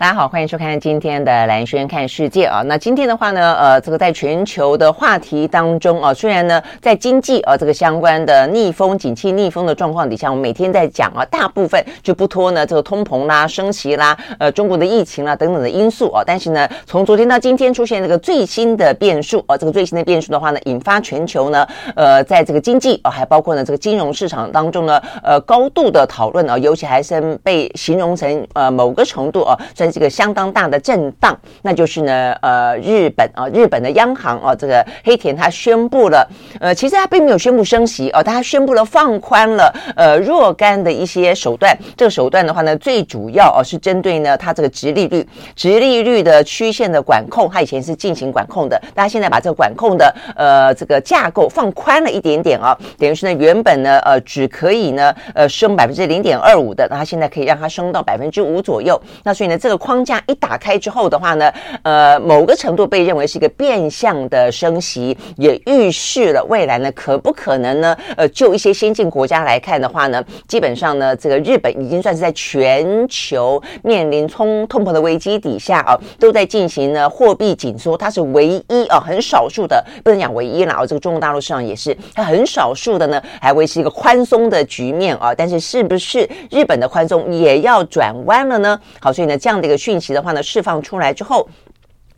大家好，歡迎收看今天的蘭萱看世界啊。那今天的話呢，呃，這個在全球的話題當中啊，雖然呢在經濟啊這個相關的逆風、景氣逆風的狀況底下，我們每天在講啊，大部分就不脫呢這個通膨啦、升息啦，呃，中國的疫情啦等等的因素啊。但是呢，從昨天到今天出現這個最新的變數啊，這個最新的變數的話呢，引發全球呢，呃，在這個經濟啊，還包括呢這個金融市場當中呢，呃，高度的討論啊，尤其還是被形容成呃某個程度啊，這個相當大的震盪，那就是呢，呃，日本啊、呃，日本的央行啊、呃，這個黑田他宣布了，呃，其實他並沒有宣布升息哦、呃，他宣布了放寬了呃若干的一些手段，這個手段的話呢，最主要哦、呃、是針對呢它這個殖利率，殖利率的曲線的管控，它以前是進行管控的，大家現在把這個管控的呃這個架構放寬了一點點哦、呃，等於是呢，原本呢呃只可以呢呃升百分之零點二五的，那它現在可以讓它升到百分之五左右，那所以呢這個。框架一打開之後的話呢，呃，某個程度被認為是一個變相的升息，也預示了未來呢，可不可能呢？呃，就一些先進國家來看的話呢，基本上呢，這個日本已經算是在全球面臨通、通膨的危機底下啊，都在進行呢貨幣緊縮，它是唯一啊，很少數的，不能講唯一了啊、哦。這個中國大陸市場也是，它很少數的呢，還維持一個寬鬆的局面啊。但是，是不是日本的寬鬆也要轉彎了呢？好，所以呢，這樣的。這個訊息的話呢，釋放出來之後，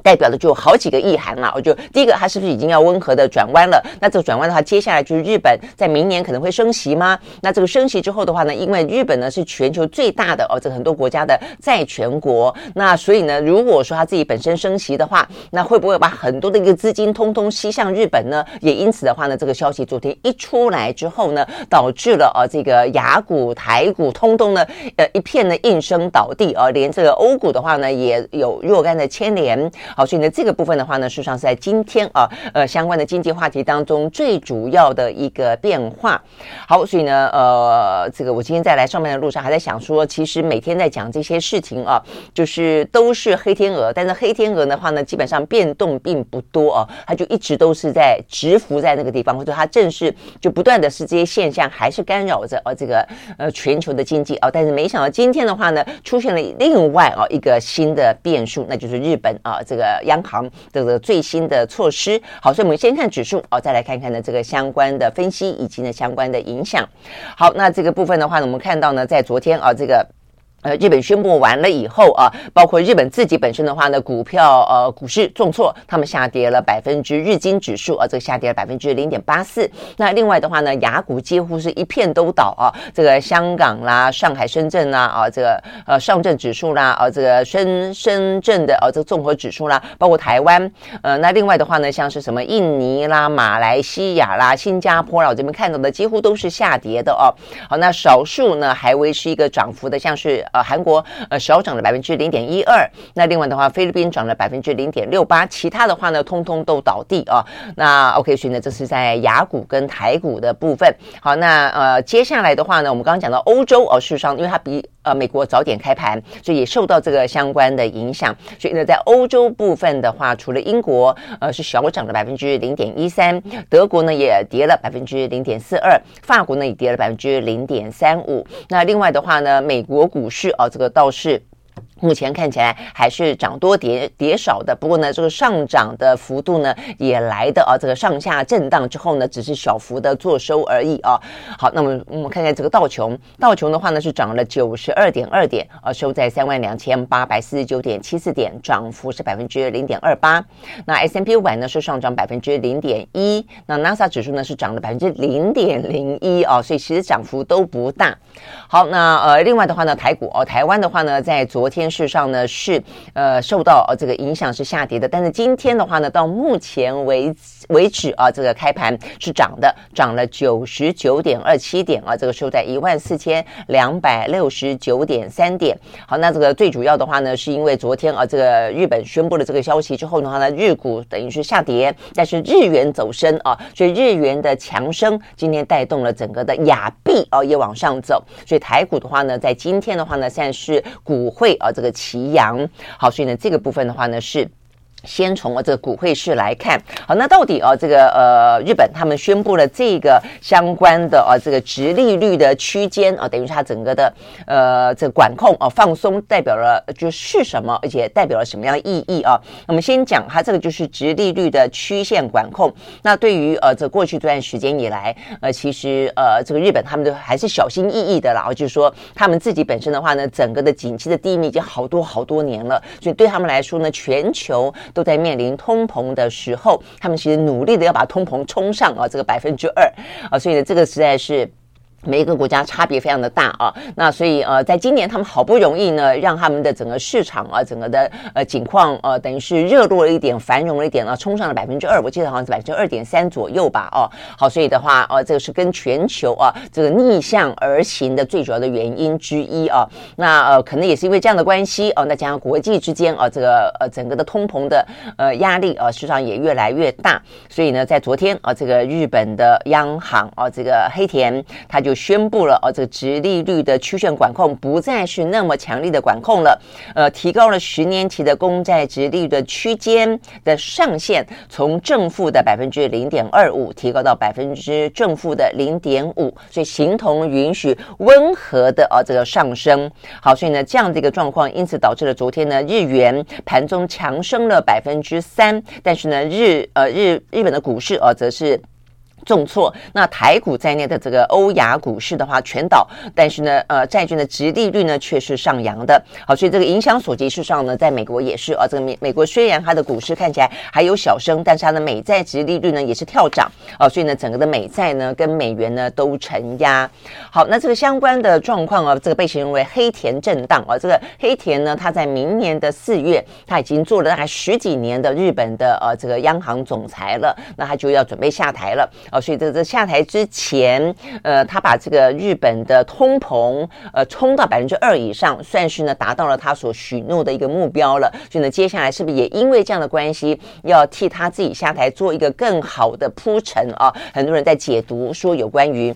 代表的就好幾個意涵了，我就第一個，它是不是已經要溫和的轉彎了？那這個轉彎的話，接下來就是日本在明年可能會升息嗎？那這個升息之後的話呢，因為日本呢是全球最大的哦，這個很多國家的債權國，那所以呢，如果說它自己本身升息的話，那會不會把很多的一個資金通通吸向日本呢？也因此的話呢，這個消息昨天一出來之後呢，導致了呃、哦、這個亞股、台股通通呢呃一片呢應聲倒地而、呃、連這個歐股的話呢也有若干的牽連。好，所以呢，這個部分的話呢，事實上是在今天啊，呃，相關的經濟話題當中最主要的一個變化。好，所以呢，呃，這個我今天在來上班的路上還在想說，其實每天在講這些事情啊，就是都是黑天鵝，但是黑天鵝的話呢，基本上變動並不多啊，它就一直都是在直浮在那個地方，或者它正是就不斷的是這些現象還是干擾着呃、啊、這個呃全球的經濟啊，但是沒想到今天的話呢，出現了另外啊一個新的變數，那就是日本啊這個。呃，央行這個最新的措施，好，所以我們先看指數，哦，再來看看呢這個相關的分析以及呢相關的影響。好，那這個部分的話呢，我們看到呢，在昨天啊，哦，這個。呃，日本宣布完了以後啊，包括日本自己本身的話呢，股票呃股市重挫，他們下跌了百分之日經指數啊，這個下跌了百分之零點八四。那另外的話呢，雅股幾乎是一片都倒啊，這個香港啦、上海、深圳啦啊，這個呃上證指數啦啊，這個深深圳的啊這個綜合指數啦，包括台灣。呃，那另外的話呢，像是什麼印尼啦、馬來西亞啦、新加坡啦，我這邊看到的幾乎都是下跌的哦。好、啊，那少數呢還維持一個漲幅的，像是。呃，韓國呃小漲了百分之零點一二，那另外的話，菲律賓漲了百分之零點六八，其他的話呢，通通都倒地啊、哦。那 OK，所以呢，這是在亞股跟台股的部分。好，那呃，接下來的話呢，我們剛剛講到歐洲呃，事實上，因為它比。呃，美國早點開盤，所以也受到這個相關的影響。所以呢，在歐洲部分的話，除了英國，呃，是小漲了百分之零點一三；德國呢，也跌了百分之零點四二；法國呢，也跌了百分之零點三五。那另外的話呢，美國股市啊、呃，這個道指。目前看起來還是漲多跌跌少的，不過呢，這個上漲的幅度呢也來的啊，這個上下震盪之後呢，只是小幅的作收而已啊。好，那麼我們看看這個道瓊，道瓊的話呢是漲了九十二點二點啊，收在三萬兩千八百四十九點七四點，漲幅是百分之零點二八。那 S&P 五百呢是上漲百分之零點一，那那斯達克指數呢是漲了百分之零點零一啊，所以其實漲幅都不大。好，那呃，另外的話呢，台股哦、啊，台灣的話呢在昨天。事實上呢是呃受到呃這個影響是下跌的，但是今天的話呢，到目前為止為止啊，這個開盤是漲的，漲了九十九點二七點啊，這個收在一萬四千兩百六十九點三點。好，那這個最主要的話呢，是因為昨天啊，這個日本宣佈了這個消息之後的話呢，日股等於是下跌，但是日元走升啊，所以日元的強升今天帶動了整個的亞。哦，也往上走，所以台股的話呢，在今天的話呢，現在是股匯啊，這個齊揚。好，所以呢，這個部分的話呢是。先從啊這個股匯市來看，好，那到底啊這個呃日本他們宣布了這個相關的呃這個殖利率的區間啊、呃，等於它整個的呃這個、管控啊、呃、放鬆代表了就是什麼，而且代表了什麼樣的意義啊？我們先講它這個就是殖利率的曲線管控。那對於呃這過去這段時間以來，呃其實呃這個日本他們都還是小心翼翼的啦，然後就是說他們自己本身的話呢，整個的景氣的低迷已經好多好多年了，所以對他們來說呢，全球。都在面臨通膨的時候，他們其實努力的要把通膨衝上啊，這個百分之二啊，所以呢，這個實在是。每一個國家差別非常的大啊，那所以呃、啊，在今年他們好不容易呢，讓他們的整個市場啊，整個的呃情況呃、啊，等於是熱絡了一點，繁榮了一點啊，衝上了百分之二，我記得好像是百分之二點三左右吧、啊，哦，好，所以的話呃、啊，這個是跟全球啊這個逆向而行的最主要的原因之一啊，那呃、啊，可能也是因為這樣的關係哦、啊，那加上國際之間啊，這個呃、啊、整個的通膨的呃、啊、壓力啊，事實上也越來越大，所以呢，在昨天啊，這個日本的央行啊，這個黑田他就。宣佈了哦、啊，這個殖利率的曲線管控不再是那麼強力的管控了。呃，提高了十年期的公債殖利率的區間的上限，從正負的百分之零點二五提高到百分之正負的零點五，所以形同允許溫和的哦、啊、這個上升。好，所以呢，這樣的一個狀況，因此導致了昨天呢，日元盤中強升了百分之三，但是呢，日呃日日本的股市呃、啊，則是。重挫，那台股在內的這個歐亞股市的話，全倒，但是呢，呃，債券的殖利率呢卻是上揚的。好，所以這個影響所及，事實上呢，在美國也是，啊，這個美美國雖然它的股市看起來還有小升，但是它的美債殖利率呢也是跳漲，啊，所以呢，整個的美債呢跟美元呢都承壓。好，那這個相關的狀況啊，這個被形容為黑田震盪啊，這個黑田呢，他在明年的四月，他已經做了大概十幾年的日本的呃這個央行總裁了，那他就要準備下台了。啊、哦，所以在這下台之前，呃，他把這個日本的通膨，呃，衝到百分之二以上，算是呢達到了他所許諾的一個目標了。所以呢，接下來是不是也因為這樣的關係，要替他自己下台做一個更好的鋪陳啊、哦？很多人在解讀說有關於。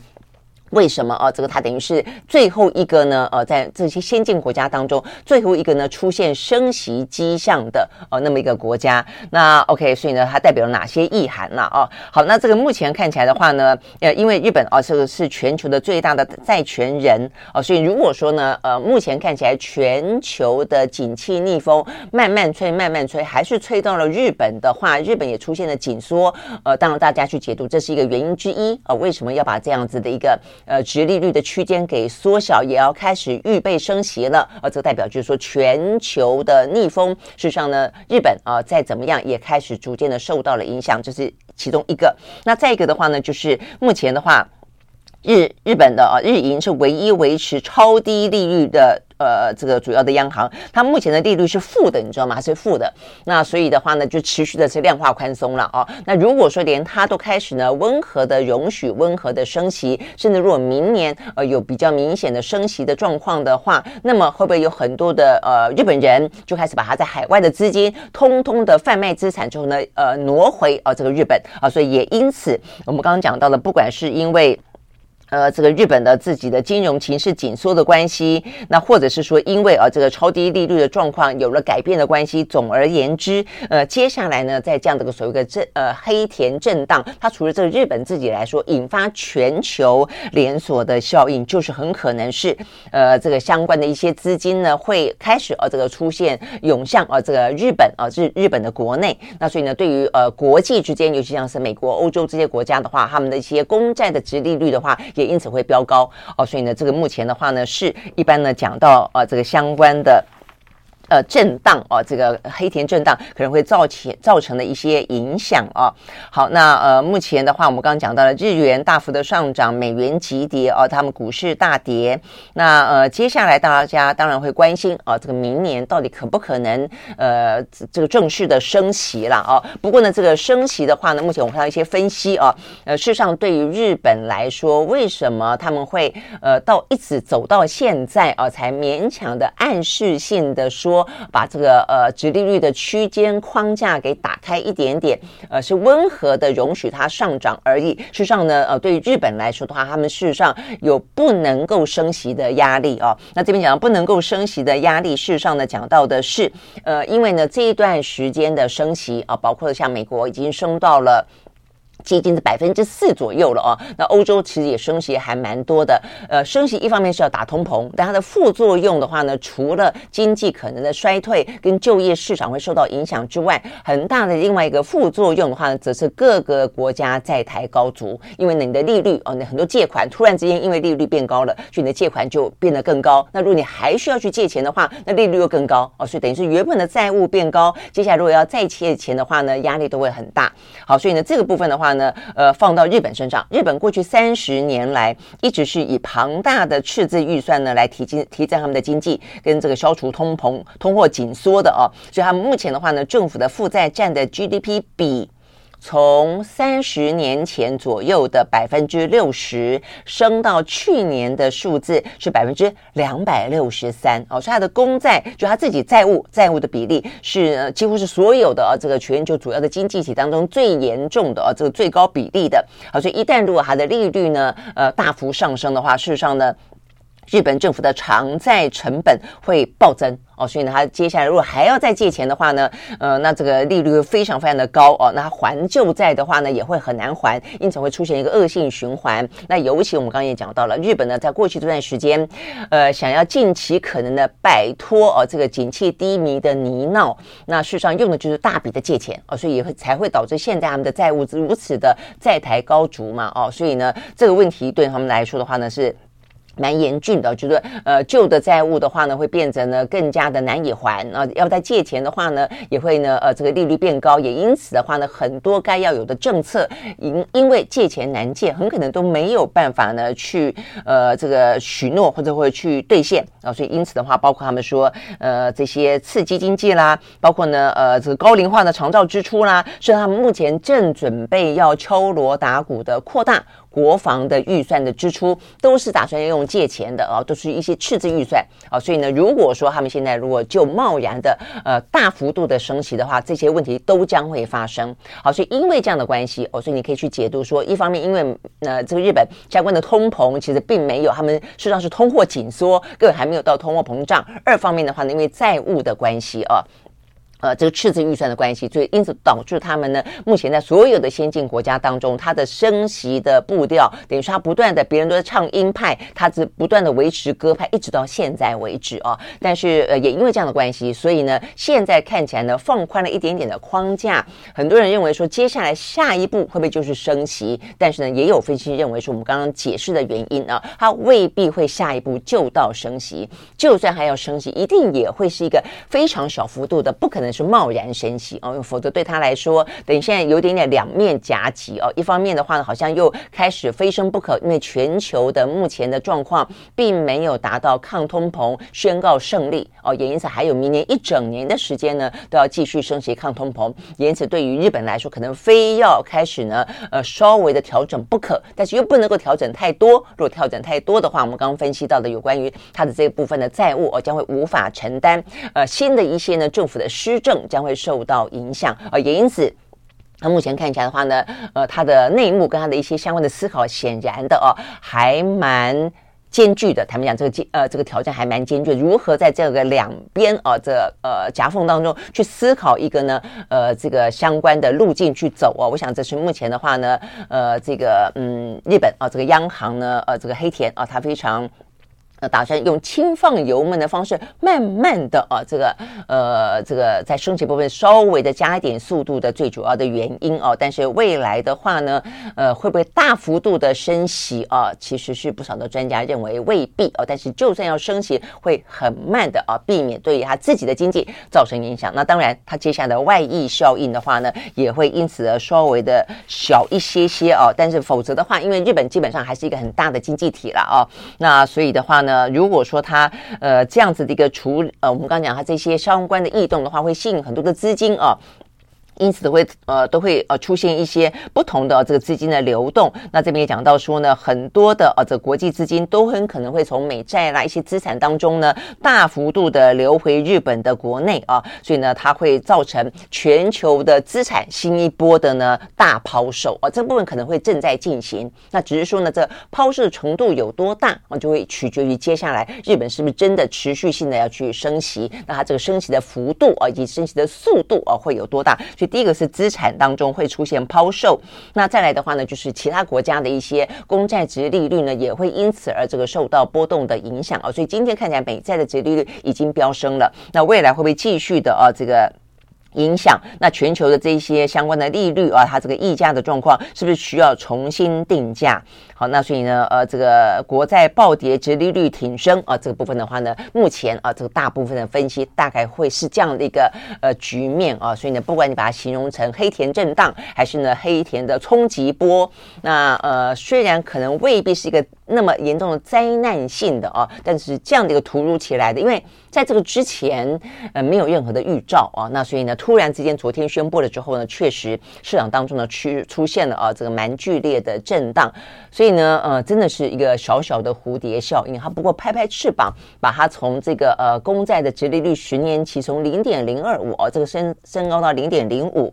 為什麼啊？這個它等於是最後一個呢？呃，在這些先進國家當中，最後一個呢出現升息跡象的呃那麼一個國家。那 OK，所以呢，它代表了哪些意涵呢、啊？哦、啊，好，那這個目前看起來的話呢，呃，因為日本哦，這、呃、個是,是全球的最大的債權人哦、呃，所以如果說呢，呃，目前看起來全球的景氣逆風慢慢吹，慢慢吹，還是吹到了日本的話，日本也出現了緊縮。呃，當然大家去解讀，這是一個原因之一啊、呃。為什麼要把這樣子的一個呃，殖利率的區間給縮小，也要開始預備升息了。而、呃、這代表就是說全球的逆風，事實上呢，日本啊、呃、再怎麼樣也開始逐漸的受到了影響，這、就是其中一個。那再一個的話呢，就是目前的話，日日本的啊日銀是唯一維持超低利率的。呃，這個主要的央行，它目前的利率是負的，你知道嗎？它是負的。那所以的話呢，就持續的是量化寬鬆了啊、哦。那如果說連它都開始呢，溫和的容許、溫和的升息，甚至如果明年呃有比較明顯的升息的狀況的話，那麼會不會有很多的呃日本人就開始把他在海外的資金通通的販賣資產之後呢？呃，挪回啊、呃、這個日本啊、呃，所以也因此我們剛剛講到的，不管是因為。呃，這個日本的自己的金融情勢緊縮的關係，那或者是說，因為呃這個超低利率的狀況有了改變的關係。總而言之，呃，接下來呢，在這樣這個所謂的震呃黑田震盪，它除了這個日本自己來說引發全球連鎖的效應，就是很可能是呃這個相關的一些資金呢會開始呃這個出現湧向呃這個日本啊、呃、日日本的國內。那所以呢，對於呃國際之間，尤其像是美國、歐洲這些國家的話，他們的一些公債的殖利率的話，也因此會飆高哦，所以呢，這個目前的話呢，是一般呢講到啊、呃，這個相關的。呃，震盪哦、啊，這個黑田震盪可能會造起造成的一些影響哦、啊。好，那呃，目前的話，我們剛剛講到了日元大幅的上漲，美元急跌哦、啊，他們股市大跌。那呃，接下來大家當然會關心啊，這個明年到底可不可能呃，這個正式的升息了哦。不過呢，這個升息的話呢，目前我們看到一些分析哦、啊，呃，事實上對於日本來說，為什麼他們會呃到一直走到現在啊，才勉強的暗示性的說。把這個呃，殖利率的區間框架給打開一點點，呃，是溫和的容許它上漲而已。事實上呢，呃，對於日本來說的話，他們事實上有不能夠升息的壓力啊、哦。那這邊講到不能夠升息的壓力，事實上呢，講到的是呃，因為呢這一段時間的升息啊、呃，包括像美國已經升到了。接近是百分之四左右了哦。那歐洲其實也升息還蠻多的。呃，升息一方面是要打通膨，但它的副作用的話呢，除了經濟可能的衰退跟就業市場會受到影響之外，很大的另外一個副作用的話呢，則是各個國家債台高築，因為呢你的利率哦，你很多借款突然之間因為利率變高了，所以你的借款就變得更高。那如果你還需要去借錢的話，那利率又更高哦，所以等於是原本的債務變高，接下來如果要再借錢的話呢，壓力都會很大。好，所以呢這個部分的話呢。呃，放到日本身上，日本過去三十年來一直是以龐大的赤字預算呢來提金提振他們的經濟跟這個消除通膨、通貨緊縮的哦、啊。所以他們目前的話呢，政府的負債占的 GDP 比。從三十年前左右的百分之六十升到去年的數字是百分之兩百六十三哦，所以它的公債就它自己債務債務的比例是、呃、幾乎是所有的、啊、這個全球主要的經濟體當中最嚴重的啊，這個最高比例的好、啊，所以一旦如果它的利率呢，呃，大幅上升的話，事實上呢。日本政府的償債成本會暴增哦，所以呢，他接下來如果還要再借錢的話呢，呃，那這個利率非常非常的高哦。那還舊債的話呢，也會很難還，因此會出現一個惡性循環。那尤其我們剛剛也講到了，日本呢，在過去這段時間，呃，想要盡其可能的擺脫哦，呃，這個景氣低迷的泥淖，那事實上用的就是大筆的借錢哦，所以也會才會導致現在他們的債務如此的債台高築嘛哦。所以呢，這個問題對他們來說的話呢是。蠻嚴峻的，就是呃舊的債務的話呢，會變成呢更加的難以還啊。要再借錢的話呢，也會呢呃這個利率變高，也因此的話呢，很多該要有的政策因因為借錢難借，很可能都沒有辦法呢去呃這個許諾或者會去兌現啊。所以因此的話，包括他們說呃這些刺激經濟啦，包括呢呃這個高齡化的長照支出啦，所以他們目前正準備要敲鑼打鼓的擴大國防的預算的支出，都是打算用借錢的啊、哦，都是一些赤字預算啊、哦，所以呢，如果說他們現在如果就貿然的呃大幅度的升息的話，這些問題都將會發生。好、哦，所以因為這樣的關係哦，所以你可以去解讀說，一方面因為呃這個日本相關的通膨其實並沒有，他們事實上是通貨緊縮，更還沒有到通貨膨脹；二方面的話呢，因為債務的關係啊。哦呃，這個赤字預算的關係，所以因此導致他們呢，目前在所有的先進國家當中，它的升息的步調等於說，它不斷的，別人都在唱鷹派，它是不斷的維持鴿派，一直到現在為止哦。但是，呃，也因為這樣的關係，所以呢，現在看起來呢，放寬了一點點的框架。很多人認為說，接下來下一步會不會就是升息？但是呢，也有分析認為是我們剛剛解釋的原因啊，它未必會下一步就到升息。就算還要升息，一定也會是一個非常小幅度的，不可能。是貿然升息哦，否則對他來說，等於現在有點點兩面夾擊哦。一方面的話呢，好像又開始非升不可，因為全球的目前的狀況並沒有達到抗通膨宣告勝利哦，也因此還有明年一整年的時間呢，都要繼續升息抗通膨。也因此，對於日本來說，可能非要開始呢，呃，稍微的調整不可，但是又不能夠調整太多。如果調整太多的話，我們剛剛分析到的有關於他的這一部分的債務哦，將會無法承擔。呃，新的一些呢，政府的需執政將會受到影響，呃，也因此，那、呃、目前看起來的話呢，呃，他的內幕跟他的一些相關的思考，顯然的哦、呃，還蠻艱鉅的。他們講這個艱呃，這個條件還蠻艱鉅的，如何在這個兩邊啊、呃、這呃夾縫當中去思考一個呢，呃，這個相關的路徑去走哦、呃，我想這是目前的話呢，呃，這個嗯，日本啊、呃，這個央行呢，呃，這個黑田啊，他、呃、非常。呃，打算用輕放油門的方式，慢慢的啊，這個呃，這個在升息部分稍微的加一點速度的最主要的原因哦、啊。但是未來的話呢，呃，會不會大幅度的升息啊？其實是不少的專家認為未必哦。但是就算要升息，會很慢的啊，避免對於他自己的經濟造成影響。那當然，他接下來的外溢效應的話呢，也會因此而稍微的小一些些哦、啊。但是否則的話，因為日本基本上還是一個很大的經濟體了哦、啊，那所以的話呢。那如果說它呃這樣子的一個處，呃，我們剛講它這些相關的異動的話，會吸引很多的資金啊。呃因此會呃都會呃，都會呃出現一些不同的、啊、這個資金的流動。那這邊也講到說呢，很多的呃、啊、這個、國際資金都很可能會從美債啦一些資產當中呢，大幅度的流回日本的國內啊。所以呢，它會造成全球的資產新一波的呢大拋售啊，這部分可能會正在進行。那只是說呢，這拋售程度有多大啊，就會取決於接下來日本是不是真的持續性的要去升息，那它這個升息的幅度啊以及升息的速度啊會有多大？所以。第一個是資產當中會出現拋售，那再來的話呢，就是其他國家的一些公債殖利率呢，也會因此而這個受到波動的影響啊。所以今天看起來美債的殖利率已經飆升了，那未來會不會繼續的啊？這個影響，那全球的這些相關的利率啊，它這個溢價的狀況是不是需要重新定價？好，那所以呢，呃，這個國債暴跌殖利率挺升啊，呃，這個部分的話呢，目前啊，呃，這個大部分的分析大概會是這樣的一個呃局面啊，呃，所以呢，不管你把它形容成黑田震盪，還是呢黑田的衝擊波，那呃，雖然可能未必是一個。那麼嚴重的災難性的啊，但是這樣的一個突如其來的，因為在這個之前呃沒有任何的預兆啊，那所以呢突然之間昨天宣布了之後呢，確實市場當中呢出出現了啊這個蠻劇烈的震盪，所以呢呃真的是一個小小的蝴蝶效應，它不過拍拍翅膀，把它從這個呃公債的殖利率十年期從零點零二五哦這個升升高到零點零五，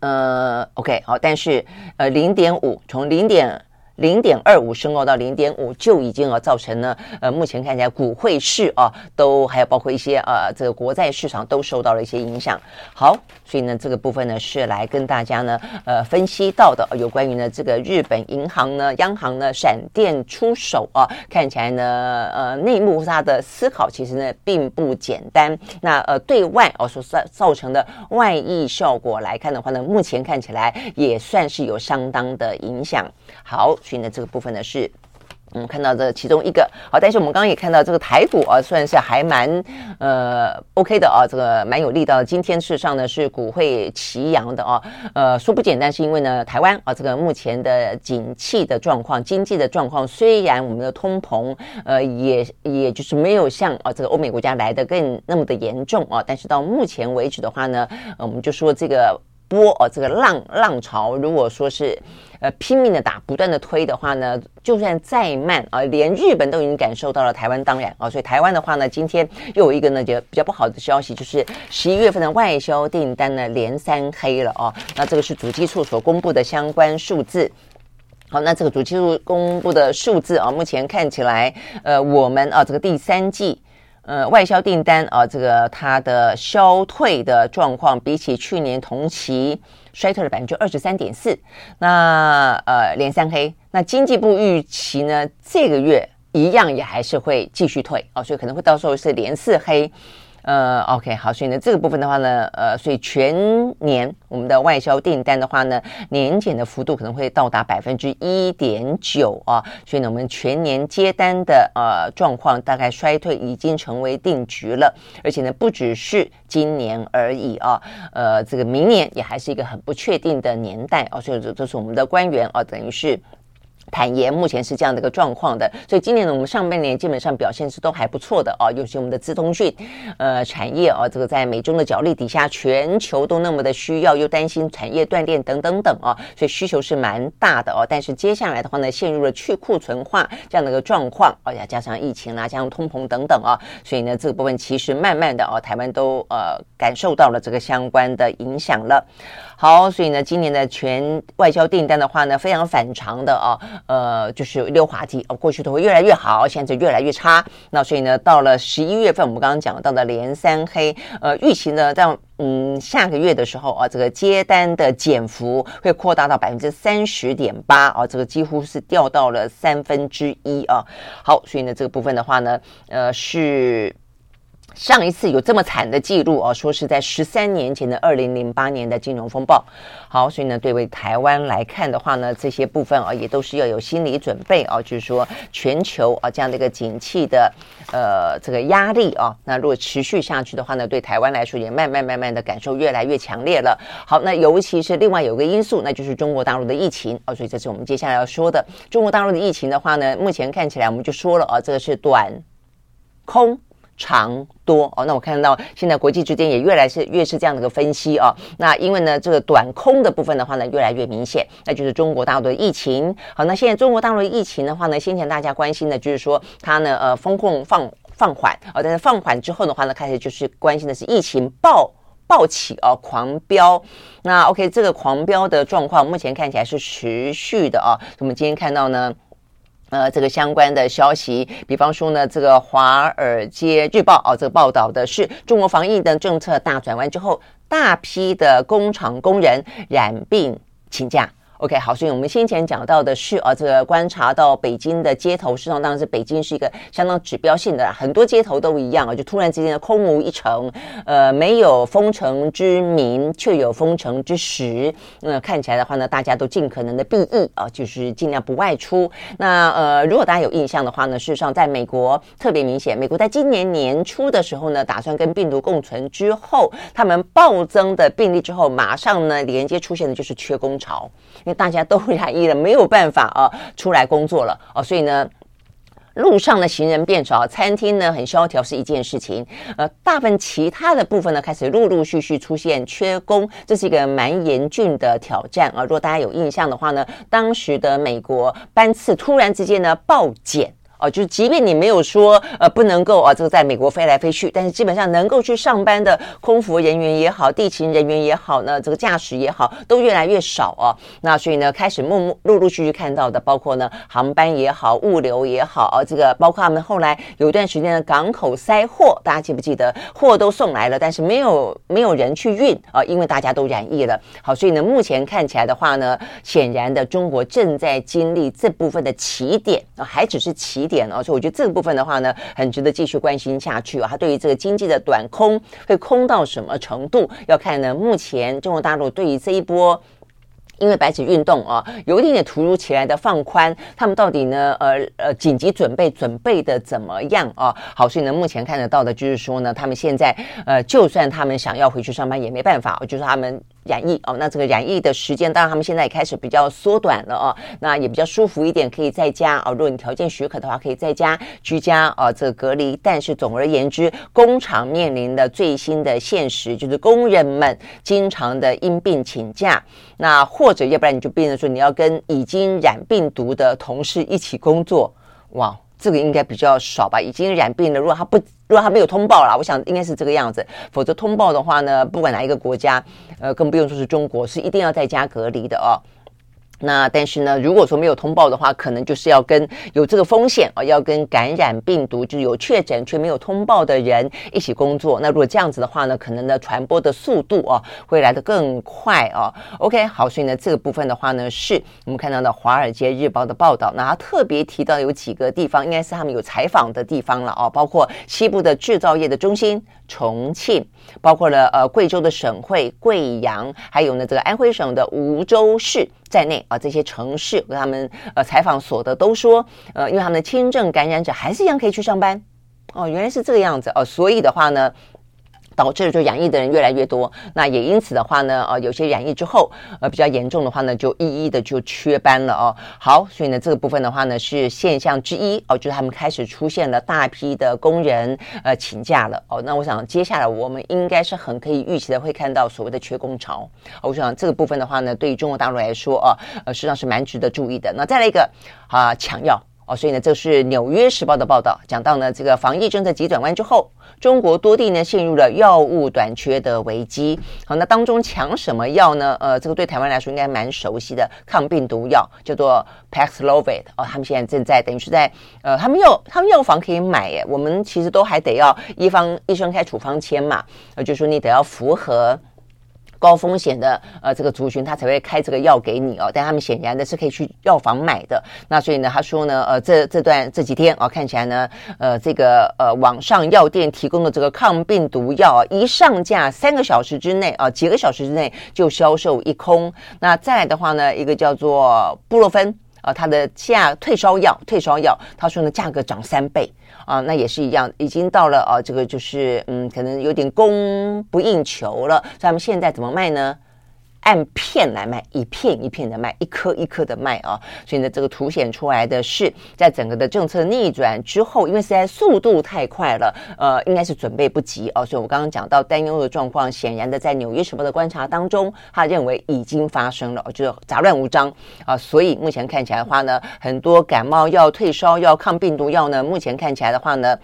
呃 OK 好，但是呃零點五從零點零點二五升高到零點五，就已經啊造成了，呃，目前看起來股匯市啊，都還有包括一些呃、啊、這個國債市場都受到了一些影響。好，所以呢，這個部分呢是來跟大家呢，呃，分析到的有關於呢這個日本銀行呢，央行呢閃電出手啊，看起來呢，呃，內幕它的思考其實呢並不簡單。那呃，對外哦所造造成的外溢效果來看的話呢，目前看起來也算是有相當的影響。好。的這個部分呢，是我們看到的其中一個。好，但是我們剛剛也看到這個台股啊，雖然是還蠻呃 OK 的啊，這個蠻有力道，今天事實上呢是股匯齊揚的啊，呃說不簡單是因為呢台灣啊這個目前的景氣的狀況、經濟的狀況，雖然我們的通膨呃也也就是沒有像啊這個歐美國家來得更那麼的嚴重啊，但是到目前為止的話呢，呃，我們就說這個。波哦，這個浪浪潮，如果說是，呃拼命的打，不斷的推的話呢，就算再慢啊，連日本都已經感受到了台灣，當然啊，所以台灣的話呢，今天又有一個呢，就比較不好的消息，就是十一月份的外銷訂單呢連三黑了啊，那這個是主計處所公布的相關數字。好，啊，那這個主計處公布的數字啊，目前看起來，呃，我們啊，這個第三季。呃，外銷訂單啊，這個它的消退的狀況，比起去年同期衰退了百分之二十三點四，那呃，連三黑。那經濟部預期呢，這個月一樣也還是會繼續退哦，啊，所以可能會到時候是連四黑。呃、嗯，OK，好，所以呢，這個部分的話呢，呃，所以全年我們的外銷訂單的話呢，年減的幅度可能會到達百分之一點九啊，所以呢，我們全年接單的呃狀況大概衰退已經成為定局了，而且呢，不只是今年而已啊，呃，這個明年也還是一個很不確定的年代啊、哦，所以這這是我們的官員啊、哦，等於是。坦言目前是這樣的一個狀況的，所以今年呢，我們上半年基本上表現是都還不錯的啊，尤其我們的資通訊，呃，產業啊，這個在美中的角力底下，全球都那麼的需要，又擔心產業斷鏈等等等啊，所以需求是蠻大的哦、啊，但是接下來的話呢，陷入了去庫存化這樣的一個狀況，哎呀，加上疫情啊，加上通膨等等啊，所以呢，這個部分其實慢慢的啊，台灣都呃感受到了這個相關的影響了。好，所以呢，今年的全外銷訂單的話呢，非常反常的啊，呃，就是溜滑梯啊、哦，過去都會越來越好，現在就越來越差。那所以呢，到了十一月份，我們剛剛講到的連三黑，呃，預期呢，在嗯下個月的時候啊，這個接單的減幅會擴大到百分之三十點八啊，這個幾乎是掉到了三分之一啊。好，所以呢，這個部分的話呢，呃，是上一次有這麼慘的記錄哦，啊，說是在十三年前的二零零八年的金融風暴。好，所以呢，對於台灣來看的話呢，這些部分啊，也都是要有心理準備啊，就是說全球啊這樣的一個景氣的呃這個壓力啊，那如果持續下去的話呢，對台灣來說也慢慢慢慢的感受越來越強烈了。好，那尤其是另外有個因素，那就是中國大陸的疫情啊，所以這是我們接下來要說的，中國大陸的疫情的話呢，目前看起來我們就說了啊，這個是短空。長多哦，那我看到現在國際之間也越來越是越是這樣的一個分析哦。那因為呢，這個短空的部分的話呢，越來越明顯，那就是中國大陸的疫情。好，那現在中國大陸的疫情的話呢，先前大家關心的就是說它呢呃封控放放緩啊、哦，但是放緩之後的話呢，開始就是關心的是疫情暴暴起哦，狂飆。那 OK，這個狂飆的狀況目前看起來是持續的哦。我們今天看到呢。呃，這個相關的消息，比方說呢，這個《華爾街日報》哦，這個報道的是中國防疫的政策大轉彎之後，大批的工廠工人染病請假。OK，好，所以我們先前講到的是呃，這個觀察到北京的街頭，事實上當然是北京是一個相當指標性的，很多街頭都一樣啊，就突然之間的空無一城，呃，沒有封城之名，卻有封城之實那、呃、看起來的話呢，大家都盡可能的避疫啊、呃，就是盡量不外出。那呃，如果大家有印象的話呢，事實上，在美國特別明顯，美國在今年年初的時候呢，打算跟病毒共存之後，他們暴增的病例之後，馬上呢，連接出現的就是缺工潮。因為大家都染疫了，沒有辦法啊，出來工作了啊、哦，所以呢，路上的行人變少，餐廳呢很蕭條是一件事情。呃，大部分其他的部分呢，開始陸陸續續出現缺工，這是一個蠻嚴峻的挑戰啊。如果、呃、大家有印象的話呢，當時的美國班次突然之間呢暴減。哦、啊，就是即便你沒有說，呃，不能夠啊，這個在美國飛來飛去，但是基本上能夠去上班的空服人員也好，地勤人員也好呢，這個駕駛也好，都越來越少哦、啊。那所以呢，開始默默陸陸續續看到的，包括呢，航班也好，物流也好，啊，這個包括他們後來有一段時間的港口塞貨，大家記不記得？貨都送來了，但是沒有沒有人去運啊，因為大家都染疫了。好，所以呢，目前看起來的話呢，顯然的，中國正在經歷這部分的起點，啊，還只是起點。點哦，所以我覺得這個部分的話呢，很值得繼續關心下去啊、哦。它對於這個經濟的短空會空到什麼程度，要看呢。目前中國大陸對於這一波，因為白紙運動啊，有一點點突如其來的放寬，他們到底呢，呃呃，緊急準備準備的怎麼樣啊？好，所以呢，目前看得到的就是說呢，他們現在呃，就算他們想要回去上班也沒辦法，就是他們。染疫哦，那這個染疫的時間，當然他們現在也開始比較縮短了哦，那也比較舒服一點，可以在家哦。如果你條件許可的話，可以在家居家啊，哦，這個隔離。但是總而言之，工廠面臨的最新的現實就是工人們經常的因病請假，那或者要不然你就變成說你要跟已經染病毒的同事一起工作，哇。這個應該比較少吧，已經染病了，如果他不，如果他沒有通報啦，我想應該是這個樣子，否則通報的話呢，不管哪一個國家，呃，更不用說是中國，是一定要在家隔離的哦。那但是呢，如果說沒有通報的話，可能就是要跟有這個風險啊，要跟感染病毒，就是有確診卻沒有通報的人一起工作。那如果這樣子的話呢，可能呢傳播的速度啊，會來得更快啊。OK，好，所以呢，這個部分的話呢，是我們看到的《華爾街日報》的報道。那他特別提到有幾個地方，應該是他們有採訪的地方了啊，包括西部的製造業的中心重慶，包括了呃貴州的省會貴陽，還有呢這個安徽省的梧州市，在內啊、呃，這些城市和他們呃採訪所得都說，呃，因為他們的輕症感染者還是一樣可以去上班，哦，原來是這個樣子哦、呃，所以的話呢。導致就染疫的人越來越多，那也因此的話呢，呃，有些染疫之後，呃，比較嚴重的話呢，就一一的就缺班了哦。好，所以呢，這個部分的話呢，是現象之一哦、呃，就是他們開始出現了大批的工人呃請假了哦。那我想接下來我們應該是很可以預期的會看到所謂的缺工潮。哦、我想這個部分的話呢，對於中國大陸來說啊，呃，實際上是蠻值得注意的。那再來一個啊、呃，搶藥。哦，所以呢，這是《紐約時報》的報道，講到呢，這個防疫政策急轉彎之後，中國多地呢陷入了藥物短缺的危機。好，那當中搶什麼藥呢？呃，這個對台灣來說應該蠻熟悉的抗病毒藥，叫做 Paxlovid。哦，他們現在正在，等於是在，呃，他們藥他們藥房可以買耶，我們其實都還得要醫方醫生開處方簽嘛，呃，就是說你得要符合。高風險的呃這個族群，他才會開這個藥給你哦。但他們顯然呢是可以去藥房買的。那所以呢，他說呢，呃，這這段這幾天啊、呃，看起來呢，呃，這個呃網上藥店提供的這個抗病毒藥一上架三個小時之內啊、呃，幾個小時之內就銷售一空。那再來的話呢，一個叫做布洛芬。啊，它的價退燒藥，退燒藥，他說呢，價格漲三倍啊，那也是一樣，已經到了啊，這個就是嗯，可能有點供不應求了，所以他們現在怎麼賣呢？按片來賣，一片一片的賣，一顆一顆的賣啊！所以呢，這個凸顯出來的是，在整個的政策逆轉之後，因為現在速度太快了，呃，應該是準備不及哦、啊。所以我剛剛，我剛剛講到擔憂的狀況，顯然的，在紐約時報的觀察當中，他認為已經發生了，就是雜亂無章啊。所以，目前看起來的話呢，很多感冒藥、退燒藥、抗病毒藥呢，目前看起來的話呢。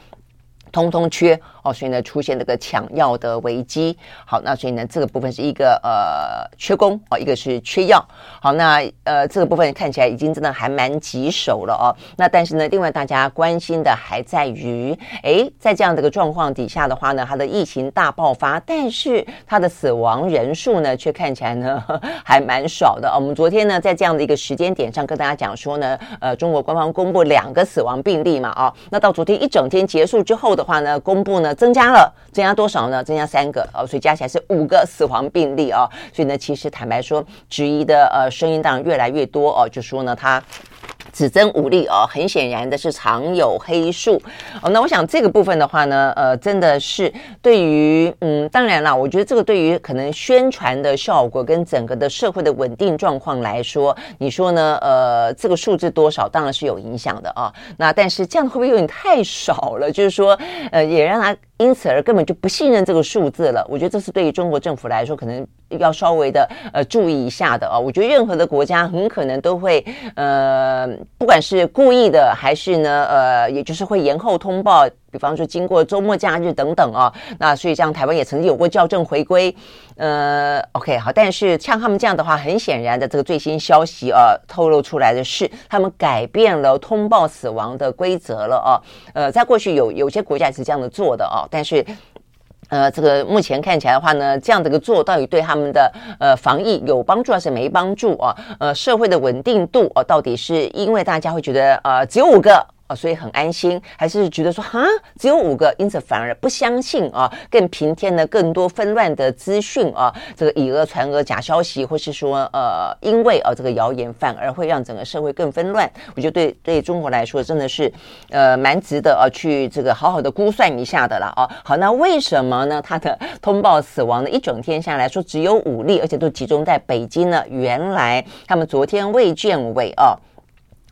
通通缺哦，所以呢，出現這個搶藥的危機。好，那所以呢，這個部分是一個呃缺工哦，一個是缺藥。好，那呃這個部分看起來已經真的還蠻棘手了哦。那但是呢，另外大家關心的還在於，哎，在這樣的一個狀況底下的話呢，它的疫情大爆發，但是它的死亡人數呢，卻看起來呢，還蠻少的哦。我們昨天呢，在這樣的一個時間點上跟大家講說呢，呃，中國官方公布兩個死亡病例嘛，哦，那到昨天一整天結束之後的話。的話呢，公布呢，增加了，增加多少呢？增加三個哦、呃，所以加起來是五個死亡病例哦、呃，所以呢，其實坦白說，質疑的呃聲音當然越來越多哦、呃，就說呢他。它指增無力哦，很顯然的是藏有黑數。哦，那我想這個部分的話呢，呃，真的是對於，嗯，當然啦，我覺得這個對於可能宣傳的效果跟整個的社會的穩定狀況來說，你說呢？呃，這個數字多少當然是有影響的啊。那但是這樣會不會有點太少了？就是說，呃，也讓他因此而根本就不信任這個數字了。我覺得這是對於中國政府來說可能。要稍微的呃注意一下的哦、啊，我覺得任何的國家很可能都會呃，不管是故意的還是呢呃，也就是會延後通報，比方說經過周末假日等等啊。那所以像台灣也曾經有過校正回歸，呃，OK 好，但是像他們這樣的話，很顯然的這個最新消息啊，透露出來的是他們改變了通報死亡的規則了啊。呃，在過去有有些國家也是這樣的做的啊，但是。呃，這個目前看起來的話呢，這樣的一個做到底對他們的呃防疫有幫助還是沒幫助啊？呃，社會的穩定度啊，到底是因為大家會覺得呃只有五個？哦，所以很安心，還是覺得說哈只有五個，因此反而不相信啊，更平添了更多紛亂的資訊啊，這個以訛傳訛、假消息，或是說呃，因為啊這個謠言反而會讓整個社會更紛亂。我覺得對對中國來說真的是呃蠻值得啊去這個好好的估算一下的啦。啊。好，那為什麼呢？他的通報死亡的一整天下來說只有五例，而且都集中在北京呢？原來他們昨天衛健委啊。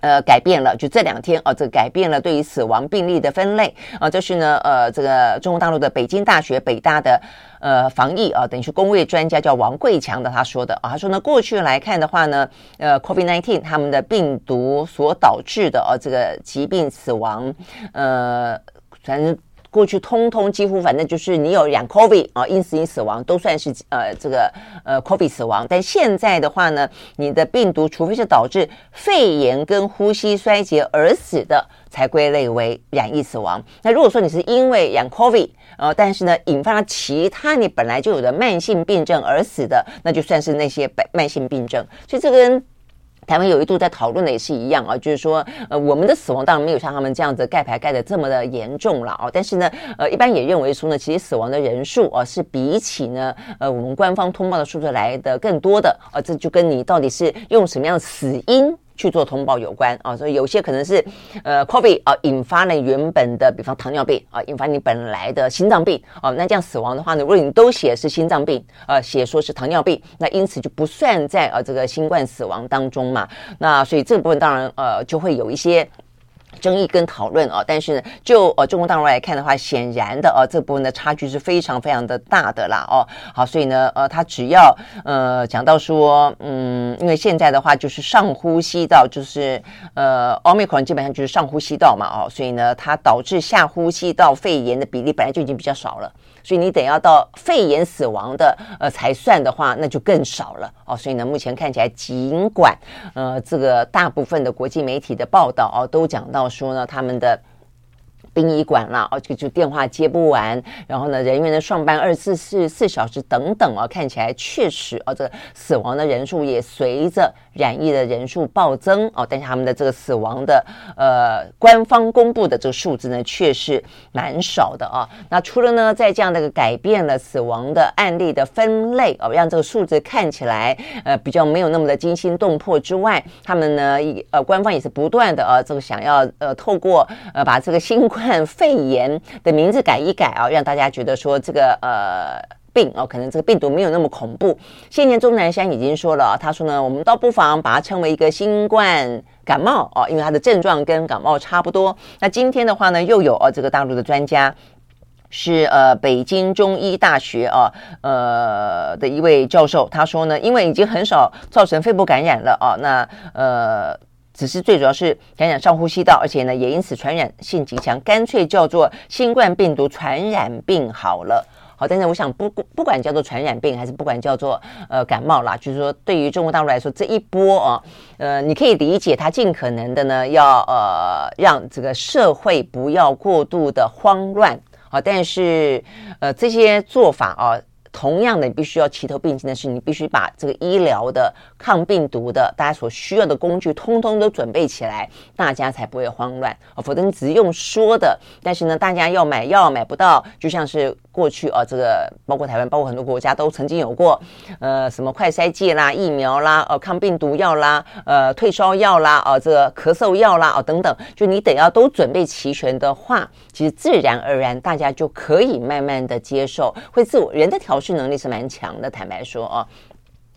呃，改變了，就這兩天哦、啊，這改變了對於死亡病例的分類啊，這是呢，呃，這個中國大陸的北京大學北大的呃防疫啊，等於是公衛專家叫王貴強的，他說的啊，他說呢，過去來看的話呢，呃，Covid nineteen 他們的病毒所導致的呃、啊、這個疾病死亡，呃，反正。過去通通幾乎反正就是你有染 COVID 啊，因死因死亡都算是呃這個呃 COVID 死亡。但現在的話呢，你的病毒除非是導致肺炎跟呼吸衰竭而死的，才歸類為染疫死亡。那如果說你是因為染 COVID，然、啊、但是呢引發了其他你本來就有的慢性病症而死的，那就算是那些本慢性病症。所以這跟台灣有一度在討論的也是一樣啊，就是說，呃，我們的死亡當然沒有像他們這樣子蓋牌蓋的這麼的嚴重了啊，但是呢，呃，一般也認為說呢，其實死亡的人數啊是比起呢，呃，我們官方通報的數字來的更多的啊，這就跟你到底是用什麼樣的死因去做通報有關啊，所以有些可能是，呃，COVID 啊，引發了原本的，比方糖尿病啊、呃，引發你本來的心臟病啊、呃，那這樣死亡的話呢，如果你都寫是心臟病，呃，寫說是糖尿病，那因此就不算在呃這個新冠死亡當中嘛，那所以這個部分當然呃就會有一些。爭議跟討論啊，但是呢，就呃，中國大陸來看的話，顯然的呃這部分的差距是非常非常的大的啦哦。好，所以呢，呃，他只要呃講到說，嗯，因為現在的話就是上呼吸道，就是呃，Omicron 基本上就是上呼吸道嘛哦，所以呢，它導致下呼吸道肺炎的比例本來就已經比較少了。所以你得要到肺炎死亡的呃才算的話，那就更少了哦。所以呢，目前看起來，儘管呃這個大部分的國際媒體的報道哦都講到說呢，他們的。殯儀館了、啊、哦，這個就電話接不完，然後呢，人員的上班二四四四小時等等哦、啊，看起來確實哦，這個死亡的人數也隨着染疫的人數暴增哦，但是他們的這個死亡的呃官方公布的這個數字呢，確實蠻少的啊。那除了呢，在這樣的改變了死亡的案例的分類哦，讓這個數字看起來呃比較沒有那麼的驚心動魄之外，他們呢呃官方也是不斷的呃、啊，這個想要呃透過呃把這個新冠武漢肺炎的名字改一改啊，讓大家覺得說這個呃病哦、啊，可能這個病毒沒有那麼恐怖。先前鍾南山已經說了啊，他說呢，我們倒不妨把它稱為一個新冠感冒啊，因為它的症狀跟感冒差不多。那今天的話呢，又有哦、啊、這個大陸的專家是呃、啊、北京中醫大學啊呃的一位教授，他說呢，因為已經很少造成肺部感染了哦、啊，那呃。只是最主要是感染上呼吸道，而且呢，也因此傳染性極強，乾脆叫做新冠病毒傳染病好了。好，但是我想不不管叫做傳染病還是不管叫做呃感冒啦，就是說對於中國大陸來說，這一波啊，呃，你可以理解它盡可能的呢要呃讓這個社會不要過度的慌亂。好，但是呃這些做法啊，同樣的，你必須要齊頭並進的是你必須把這個醫療的。抗病毒的，大家所需要的工具，通通都準備起來，大家才不會慌亂啊、哦！否則你只用說的，但是呢，大家要買藥買不到，就像是過去啊、呃，這個包括台灣，包括很多國家都曾經有過，呃，什麼快篩劑啦、疫苗啦、呃，抗病毒藥啦、呃，退燒藥啦、啊、呃，這個咳嗽藥啦、啊、呃，等等，就你得要都準備齊全的話，其實自然而然大家就可以慢慢的接受，會自我人的調試能力是蠻強的，坦白說哦。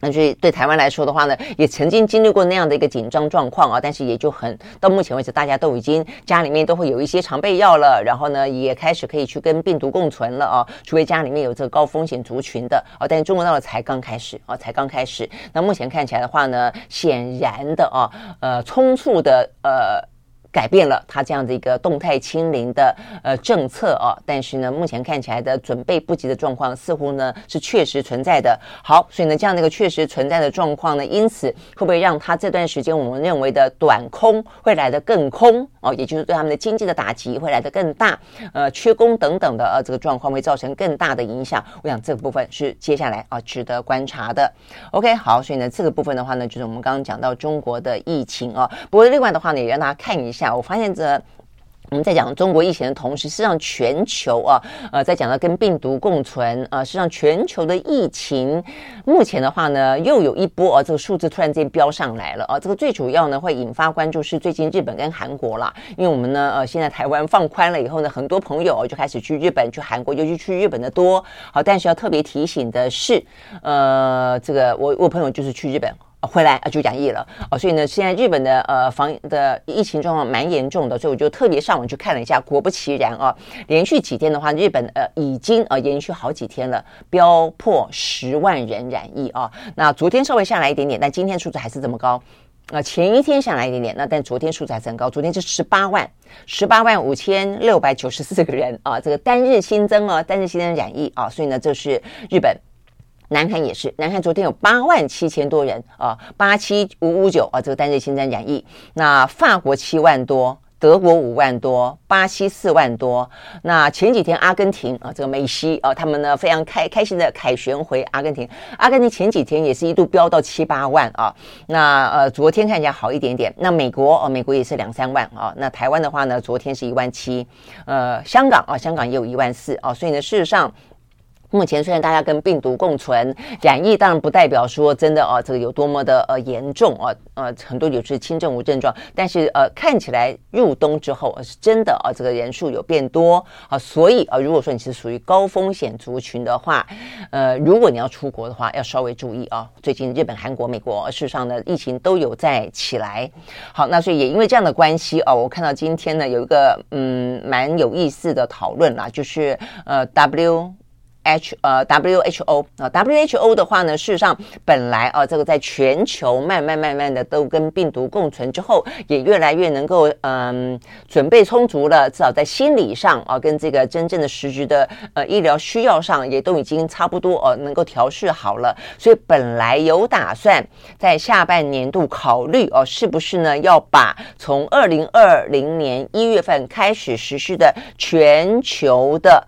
但是對台灣來說的話呢，也曾經經歷過那樣的一個緊張狀況啊，但是也就很到目前為止，大家都已經家裡面都會有一些常備藥了，然後呢也開始可以去跟病毒共存了啊，除非家裡面有這個高風險族群的啊，但是中國大陸才剛開始啊，才剛開始。那目前看起來的話呢，顯然的啊，呃，衝突的呃。改變了他這樣的一個動態清零的呃政策啊，但是呢，目前看起來的準備不及的狀況似乎呢是確實存在的。好，所以呢這樣的一個確實存在的狀況呢，因此會不會讓他這段時間我們認為的短空會來得更空哦，也就是對他們的經濟的打擊會來得更大，呃，缺工等等的呃，這個狀況會造成更大的影響。我想這個部分是接下來啊值得觀察的。OK，好，所以呢這個部分的話呢，就是我們剛剛講到中國的疫情啊，不過另外的話呢也讓大家看一下。我發現這我們在講中國疫情的同時，實際上全球啊，呃，在講到跟病毒共存啊，實際上、呃、全球的疫情目前的話呢，又有一波啊、呃，這個數字突然間飆上來了啊、呃。這個最主要呢，會引發關注是最近日本跟韓國了，因為我們呢，呃，現在台灣放寬了以後呢，很多朋友就開始去日本、去韓國，尤其去日本的多。好，但是要特別提醒的是，呃，這個我我朋友就是去日本。回來啊，就染疫了哦、啊，所以呢，現在日本的呃防的疫情狀況蠻嚴重的，所以我就特別上網去看了一下，果不其然啊，連續幾天的話，日本呃已經呃延續好幾天了，飆破十萬人染疫啊。那昨天稍微下來一點點，但今天數字還是這麼高啊、呃。前一天下來一點點，那但昨天數字還增高，昨天是十八萬，十八萬五千六百九十四個人啊，這個單日新增哦，單日新增染疫啊，所以呢，這是日本。南韓也是，南韓昨天有八萬七千多人啊、呃，八七五五九啊、呃，這個單日新增染疫。那法國七萬多，德國五萬多，巴西四萬多。那前幾天阿根廷啊、呃，這個梅西啊、呃，他們呢非常開開心的凱旋回阿根廷。阿根廷前幾天也是一度飆到七八萬啊。那呃，呃，昨天看起來好一點點。那美國啊、呃，美國也是兩三萬啊。那、呃、台灣的話呢，昨天是一萬七，呃，香港啊、呃，香港也有一萬四啊、呃。所以呢，事實上。目前雖然大家跟病毒共存，染疫當然不代表說真的哦、啊，這個有多麼的呃、啊、嚴重哦、啊，呃很多有是輕症無症狀，但是呃看起來入冬之後，呃、啊、是真的哦、啊，這個人數有變多啊，所以啊，如果說你是屬於高風險族群的話，呃，如果你要出國的話，要稍微注意啊。最近日本、韓國、美國、啊、事實上呢，疫情都有在起來。好，那所以也因為這樣的關係哦、啊，我看到今天呢有一個嗯蠻有意思的討論啦，就是呃 W。H 呃 WHO 呃 WHO 的話呢，事實上本來啊、呃、這個在全球慢慢慢慢的都跟病毒共存之後，也越來越能夠嗯、呃、準備充足了，至少在心理上啊、呃、跟這個真正的實質的呃醫療需要上，也都已經差不多哦、呃、能夠調試好了，所以本來有打算在下半年度考慮哦、呃、是不是呢要把從二零二零年一月份開始實施的全球的。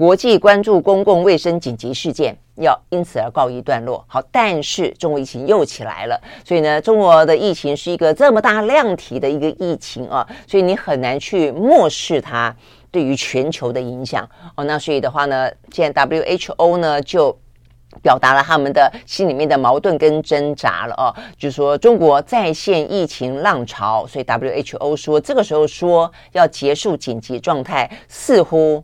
國際關注公共衛生緊急事件要因此而告一段落，好，但是中國疫情又起來了，所以呢，中國的疫情是一個這麼大量體的一個疫情啊，所以你很難去漠視它對於全球的影響哦。那所以的話呢，現在 W H O 呢就表達了他們的心裡面的矛盾跟掙扎了哦、啊，就是說中國再現疫情浪潮，所以 W H O 說這個時候說要結束緊急狀態似乎。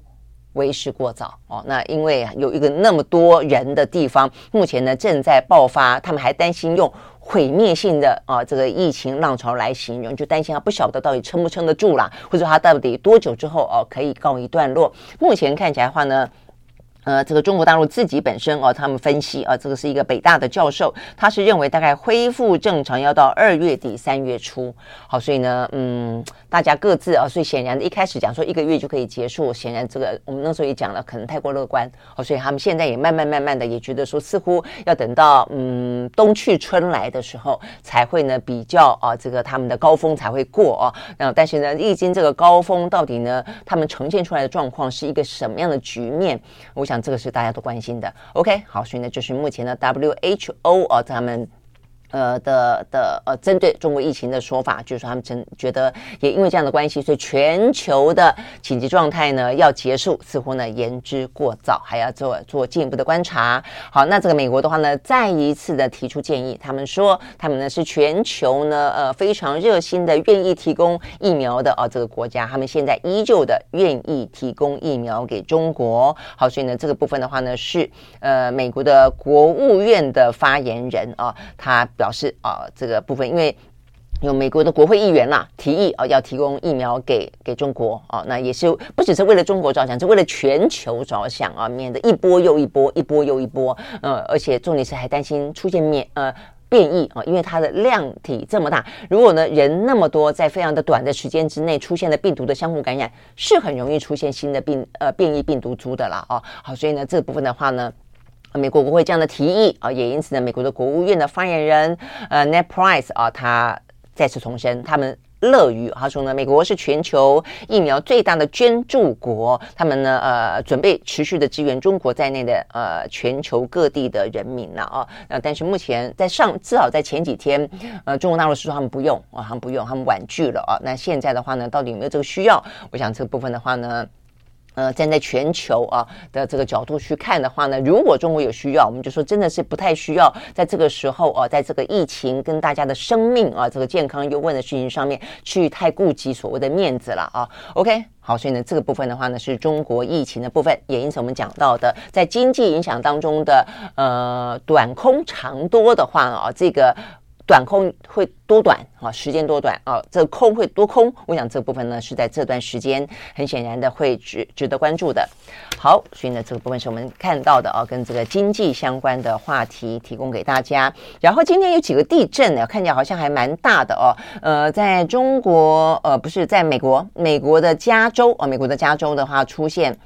為時過早哦，那因為有一個那麼多人的地方，目前呢正在爆發，他們還擔心用毀滅性的啊這個疫情浪潮來形容，就擔心他不曉得到底撐不撐得住了，或者他到底多久之後哦、啊、可以告一段落。目前看起來的話呢。呃，這個中國大陸自己本身哦，他們分析啊，這個是一個北大的教授，他是認為大概恢復正常要到二月底三月初，好，所以呢，嗯，大家各自啊，所以顯然一開始講說一個月就可以結束，顯然這個我們那時候也講了，可能太過樂觀，好、哦，所以他們現在也慢慢慢慢的也覺得說，似乎要等到嗯冬去春來的時候才會呢比較啊這個他們的高峰才會過啊、哦，那但是呢，歷經這個高峰到底呢，他們呈現出來的狀況是一個什麼樣的局面？我想。這個是大家都關心的。OK，好，所以呢，就是目前的 WHO 哦、他們。呃的的呃，針、呃、對中國疫情的說法，就是說他們真覺得也因為這樣的關係，所以全球的緊急狀態呢要結束，似乎呢言之過早，還要做做進一步的觀察。好，那這個美國的話呢，再一次的提出建議，他們說他們呢是全球呢呃非常熱心的願意提供疫苗的哦、呃，這個國家他們現在依舊的願意提供疫苗給中國。好，所以呢這個部分的話呢是呃美國的國務院的發言人啊、呃，他。表示啊，這個部分，因為有美國的國會議員啦、啊、提議啊，要提供疫苗給給中國啊，那也是不只是為了中國着想，是為了全球着想啊，免得一波又一波，一波又一波。呃，而且重點是還擔心出現免呃變異啊，因為它的量體這麼大，如果呢人那麼多，在非常的短的時間之內出現了病毒的相互感染，是很容易出現新的病呃變異病毒株的啦啊。好、啊，所以呢這部分的話呢。啊、美國國會這樣的提議啊，也因此呢，美國的國務院的發言人呃，Net Price 啊，他再次重申，他們樂於，他說呢，美國是全球疫苗最大的捐助國，他們呢呃，準備持續的支援中國在內的呃全球各地的人民了啊。那但是目前在上至少在前幾天呃，中國大陸是說他們不用啊，他們不用，他們婉拒了啊。那現在的話呢，到底有沒有這個需要？我想這個部分的話呢。呃，站在全球啊的這個角度去看的話呢，如果中國有需要，我們就說真的是不太需要在這個時候啊，在這個疫情跟大家的生命啊、這個健康攸關的事情上面去太顧及所謂的面子了啊。OK，好，所以呢，這個部分的話呢，是中國疫情的部分，也因此我們講到的在經濟影響當中的呃，短空長多的話啊，這個。短空會多短啊？時間多短啊？這空會多空？我想這部分呢，是在這段時間很顯然的會值值得關注的。好，所以呢，這個部分是我們看到的啊，跟這個經濟相關的話題提供給大家。然後今天有幾個地震呢、啊，看起來好像還蠻大的哦。呃、啊，在中國呃、啊、不是在美國，美國的加州啊，美國的加州的話出現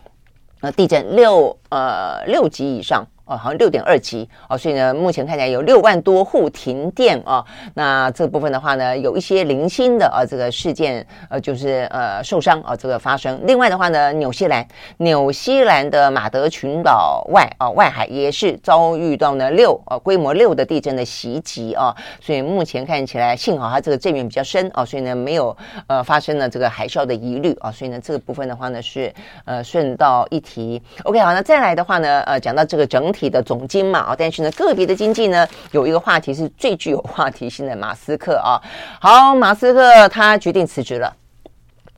呃、啊、地震六呃六級以上。哦，好像六點二級哦，所以呢，目前看起來有六萬多戶停電哦，那這部分的話呢，有一些零星的呃、哦、這個事件呃，就是呃受傷啊、哦，這個發生。另外的話呢，紐西蘭，紐西蘭的馬德群島外啊、哦、外海也是遭遇到呢六呃規模六的地震的襲擊哦，所以目前看起來，幸好它這個震源比較深哦，所以呢沒有呃發生了這個海嘯的疑慮啊、哦，所以呢這個部分的話呢是呃順道一提。OK，好，那再來的話呢，呃，講到這個整體體的總經嘛啊，但是呢，個別的經濟呢有一個話題是最具有話題性的，馬斯克啊。好，馬斯克他決定辭職了，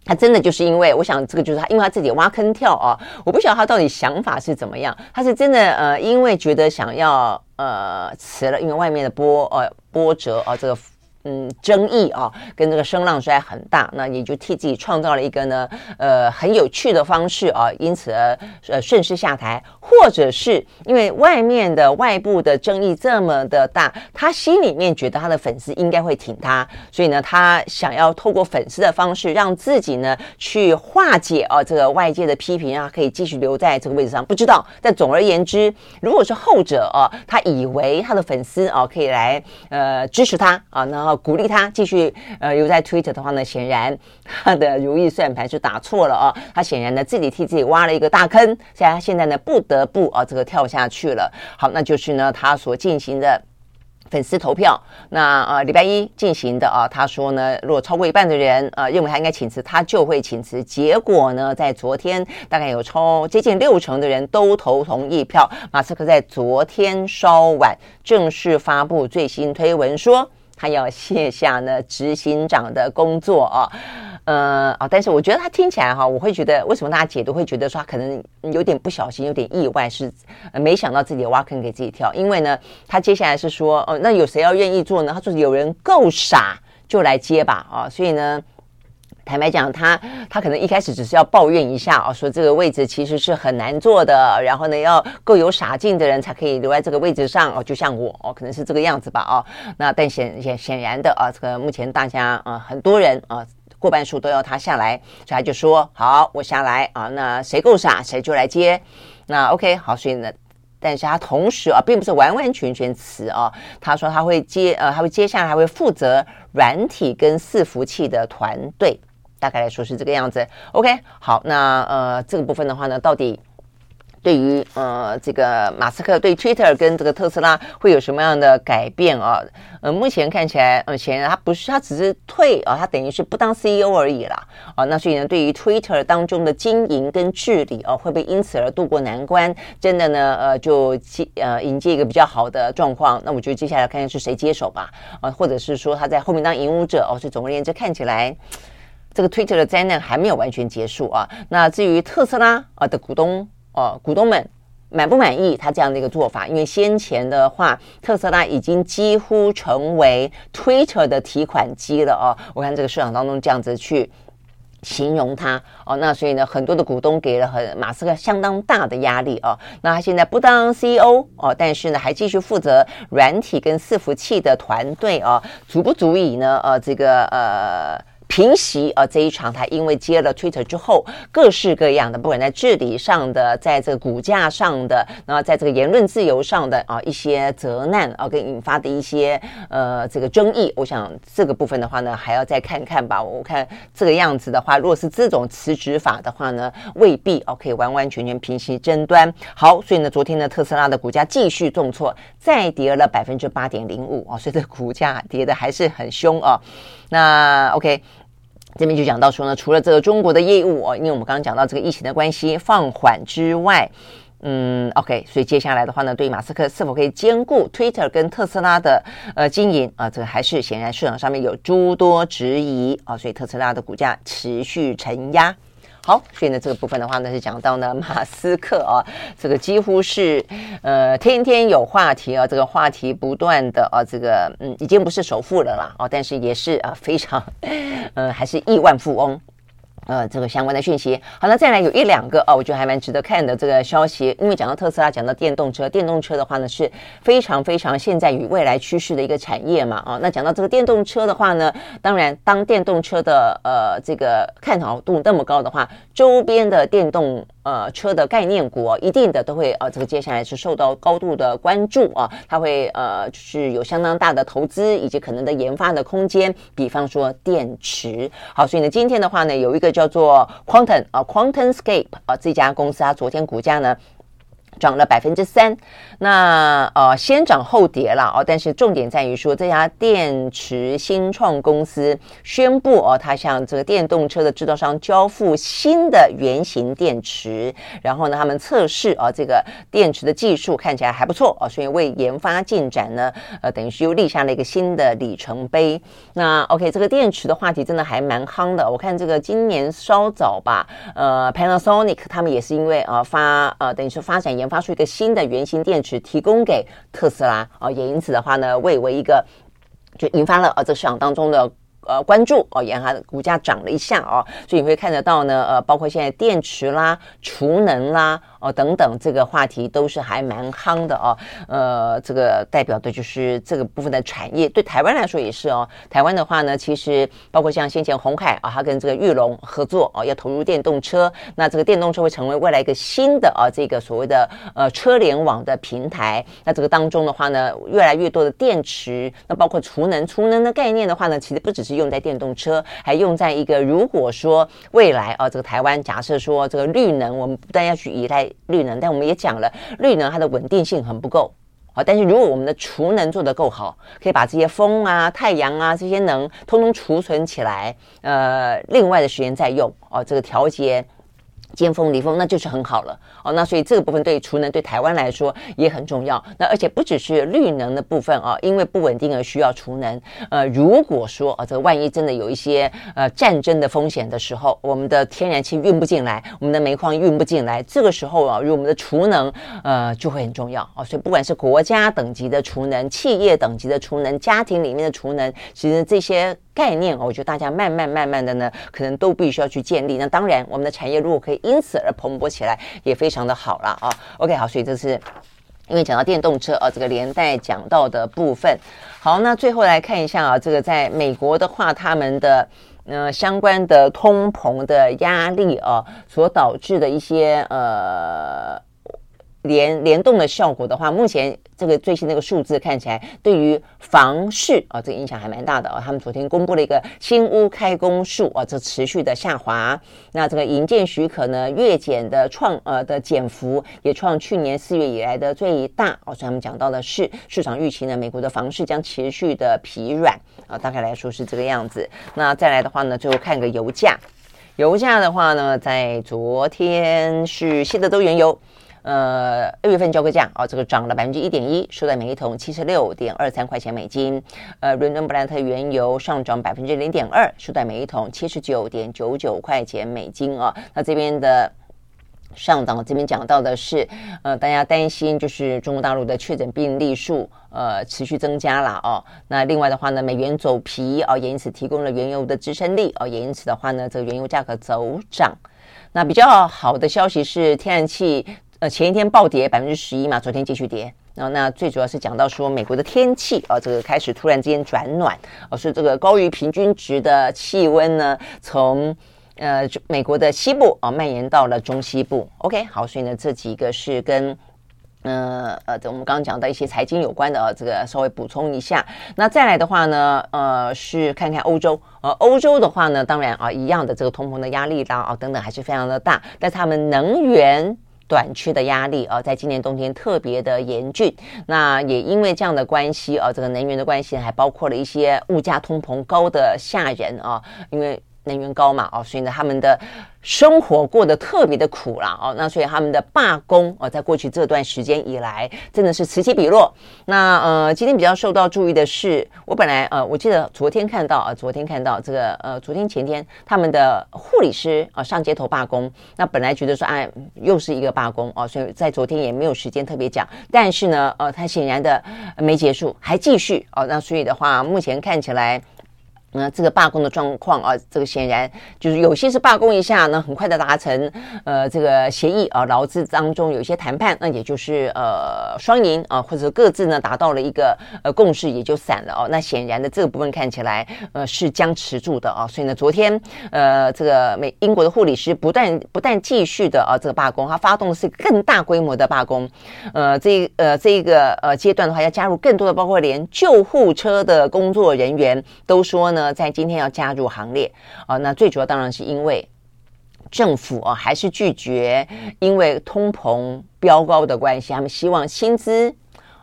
他真的就是因為，我想這個就是他，因為他自己挖坑跳啊，我不曉得他到底想法是怎麼樣，他是真的呃，因為覺得想要呃辭了，因為外面的波呃波折啊這個。嗯，爭議啊，跟這個聲浪實在很大，那你就替自己創造了一個呢，呃，很有趣的方式啊。因此而，呃，順勢下台，或者是因為外面的外部的爭議這麼的大，他心裡面覺得他的粉絲應該會挺他，所以呢，他想要透過粉絲的方式，讓自己呢去化解啊這個外界的批評啊，可以繼續留在這個位置上。不知道，但總而言之，如果是後者啊，他以為他的粉絲啊可以來呃支持他啊，然後。鼓勵他繼續呃，又在推特的話呢，顯然他的如意算盤是打錯了啊。他顯然呢自己替自己挖了一個大坑，所以他現在呢不得不啊這個跳下去了。好，那就是呢他所進行的粉絲投票，那呃禮拜一進行的啊，他說呢，如果超過一半的人呃認為他應該請辭，他就會請辭。結果呢在昨天大概有超接近六成的人都投同意票。馬斯克在昨天稍晚正式發布最新推文說。他要卸下呢執行長的工作啊，呃，哦，但是我覺得他聽起來哈、啊，我會覺得為什麼大家解讀會覺得說他可能有點不小心，有點意外，是、呃、沒想到自己挖坑給自己跳，因為呢，他接下來是說，哦、呃，那有誰要願意做呢？他說有人夠傻就來接吧，啊、呃，所以呢。坦白講，他他可能一開始只是要抱怨一下哦、啊，說這個位置其實是很難做的，然後呢，要夠有傻勁的人才可以留在這個位置上哦、啊，就像我哦、啊，可能是這個樣子吧哦、啊。那但顯顯顯然的啊，這個目前大家啊，很多人啊，過半數都要他下來，所以他就說好，我下來啊。那誰夠傻，誰就來接。那 OK，好，所以呢，但是他同時啊，並不是完完全全辭哦、啊，他說他會接呃、啊，他會接下來會負責軟體跟伺服器的團隊。大概來說是這個樣子。OK，好，那呃，這個部分的話呢，到底對於呃這個馬斯克對 Twitter 跟這個特斯拉會有什麼樣的改變啊？呃，目前看起來，呃，顯然他不是他只是退啊、呃，他等於是不當 CEO 而已了啊、呃。那所以呢，對於 Twitter 當中的經營跟治理哦，會不會因此而渡過難關？真的呢，呃，就接呃迎接一個比較好的狀況？那我覺得接下來看看是誰接手吧啊、呃，或者是說他在後面當影舞者哦？是、呃、總而言之，看起來。這個 Twitter 的災難還沒有完全結束啊！那至於特斯拉啊的股東哦，股東們滿不滿意他這樣的一個做法？因為先前的話，特斯拉已經幾乎成為 Twitter 的提款機了啊、哦！我看這個市場當中這樣子去形容它哦。那所以呢，很多的股東給了很馬斯克相當大的壓力啊、哦。那他現在不當 CEO 哦，但是呢，還繼續負責軟體跟伺服器的團隊啊、哦，足不足以呢？呃，這個呃。平息啊這一場，他因為接了 Twitter 之後，各式各樣的，不管在治理上的，在這個股價上的，然後在這個言論自由上的啊一些責難啊，跟引發的一些呃這個爭議，我想這個部分的話呢，還要再看看吧。我看這個樣子的話，如果是這種辭職法的話呢，未必哦、啊、可以完完全全平息爭端。好，所以呢，昨天呢，特斯拉的股價繼續重挫，再跌了百分之八點零五啊，所以這股價跌得還是很兇啊。那 OK。這邊就講到說呢，除了這個中國的業務，哦，因為我們剛剛講到這個疫情的關係放緩之外，嗯，OK，所以接下來的話呢，對馬斯克是否可以兼顧 Twitter 跟特斯拉的呃經營啊，這個還是顯然市場上面有諸多質疑啊，所以特斯拉的股價持續承壓。好，所以呢，這個部分的話呢，是講到呢，馬斯克啊、哦，這個幾乎是，呃，天天有話題啊、哦，這個話題不斷的啊、哦，這個嗯，已經不是首富了啦，哦，但是也是啊，非常，嗯、呃，還是億萬富翁。呃，這個相關的訊息。好，那再來有一兩個啊、哦，我覺得還蠻值得看的這個消息。因為講到特斯拉，講到電動車，電動車的話呢，是非常非常現在與未來趨勢的一個產業嘛。啊、哦，那講到這個電動車的話呢，當然，當電動車的呃這個看好度那麼高的話，周邊的電動。呃，車的概念股，哦，一定的都會呃，這個接下來是受到高度的關注啊，它會呃，就是有相當大的投資以及可能的研發的空間，比方說電池。好，所以呢，今天的話呢，有一個叫做 Quantum 啊、呃，QuantumScape 啊、呃、這家公司啊，昨天股價呢。漲了百分之三，那呃先漲後跌了哦，但是重點在於說，這家電池新創公司宣布哦，它向這個電動車的制造商交付新的原型電池，然後呢，他們測試啊、哦、這個電池的技術看起來還不錯啊、哦，所以為研發進展呢，呃等於是又立下了一個新的里程碑。那 OK，這個電池的話題真的還蠻夯的，我看這個今年稍早吧，呃，Panasonic 他們也是因為呃發呃等於是發展研。發出一個新的原型電池，提供給特斯拉啊、呃，也因此的話呢，為為一個就引發了啊這市場當中的呃關注哦，也它的股價漲了一下啊，所以你會看得到呢呃，包括現在電池啦、儲能啦。哦，等等，這個話題都是還蠻夯的哦。呃，這個代表的就是這個部分的產業，對台灣來說也是哦。台灣的話呢，其實包括像先前鴻海啊，它、哦、跟這個裕隆合作哦，要投入電動車。那這個電動車會成為未來一個新的啊、哦，這個所謂的呃車聯網的平台。那這個當中的話呢，越來越多的電池，那包括儲能，儲能的概念的話呢，其實不只是用在電動車，還用在一個如果說未來啊、哦，這個台灣假設說這個綠能，我們不但要去依賴。綠能，但我們也講了，綠能它的穩定性很不夠。好，哦，但是如果我們的儲能做得夠好，可以把這些風啊、太陽啊這些能通通儲存起來，呃，另外的時間再用哦，這個調節。尖峰離峰那就是很好了哦，那所以這個部分對儲能對台灣來說也很重要。那而且不只是綠能的部分啊，因為不穩定而需要儲能。呃，如果說啊，這個、萬一真的有一些呃戰爭的風險的時候，我們的天然氣運不進來，我們的煤礦運不進來，這個時候啊，我們的儲能呃就會很重要哦，所以不管是國家等級的儲能、企業等級的儲能、家庭裡面的儲能，其實這些概念啊，我覺得大家慢慢慢慢的呢，可能都必須要去建立。那當然，我們的產業如果可以。因此而蓬勃起來也非常的好了啊。OK，好，所以這是因為講到電動車啊，這個連帶講到的部分。好，那最後來看一下啊，這個在美國的話，他們的嗯，呃，相關的通膨的壓力啊，所導致的一些呃。聯聯動的效果的話，目前這個最新那個數字看起來，對於房市啊、哦，這個影響還蠻大的啊、哦。他們昨天公布了一個新屋開工數啊、哦，這持續的下滑。那這個營建許可呢，月減的創呃的減幅也創去年四月以來的最大哦，所以他們講到的是，市場預期呢，美國的房市將持續的疲軟啊、哦。大概來說是這個樣子。那再來的話呢，最後看個油價，油價的話呢，在昨天是西德州原油。呃，二月份交割價哦，這個漲了百分之一點一，收在每一桶七十六點二三塊錢美金。呃，倫敦布蘭特原油上漲百分之零點二，收在每一桶七十九點九九塊錢美金哦。那這邊的上漲，這邊講到的是，呃，大家擔心就是中國大陸的確診病例數，呃，持續增加了哦。那另外的話呢，美元走疲哦，也因此提供了原油的支撐力哦，也因此的話呢，這個原油價格走漲。那比較好的消息是天然氣。呃，前一天暴跌百分之十一嘛，昨天繼續跌。然、哦、後，那最主要是講到說美國的天氣呃，這個開始突然之間轉暖，而、呃、是這個高於平均值的氣溫呢，從呃美國的西部啊、呃、蔓延到了中西部。OK，好，所以呢這幾個是跟呃呃，呃我們剛剛講到一些財經有關的、呃，這個稍微補充一下。那再來的話呢，呃，是看看歐洲。呃，歐洲的話呢，當然啊、呃，一樣的這個通膨的壓力啦，啊、呃、等等，還是非常的大。但是他們能源短缺的壓力啊，在今年冬天特別的嚴峻。那也因為這樣的關係啊，這個能源的關係，還包括了一些物價通膨高的嚇人啊，因為。能源高嘛，哦，所以呢，他們的生活過得特別的苦啦。哦，那所以他們的罷工，哦，在過去這段時間以來，真的是此起彼落。那呃，今天比較受到注意的是，我本來呃，我記得昨天看到啊、呃，昨天看到這個呃，昨天前天他們的護理師啊、呃、上街頭罷工，那本來覺得說啊、哎、又是一個罷工哦，所以在昨天也沒有時間特別講，但是呢，呃，他顯然的沒結束，還繼續哦，那所以的話，目前看起來。那、呃、這個罷工的狀況啊，這個顯然就是有些是罷工一下，呢，很快的達成呃這個協議啊，勞資當中有些談判，那、呃、也就是呃雙贏啊，或者各自呢達到了一個呃共識，也就散了哦、啊。那顯然的這個部分看起來呃是僵持住的哦、啊，所以呢，昨天呃這個美英國的護理師不但不但繼續的啊這個罷工，他發動的是更大規模的罷工，呃這一呃這一個呃階段的話，要加入更多的，包括連救護車的工作人員都說呢。呃，在今天要加入行列啊、哦，那最主要當然是因為政府啊、哦，還是拒絕，因為通膨飆高的關係，他們希望薪資。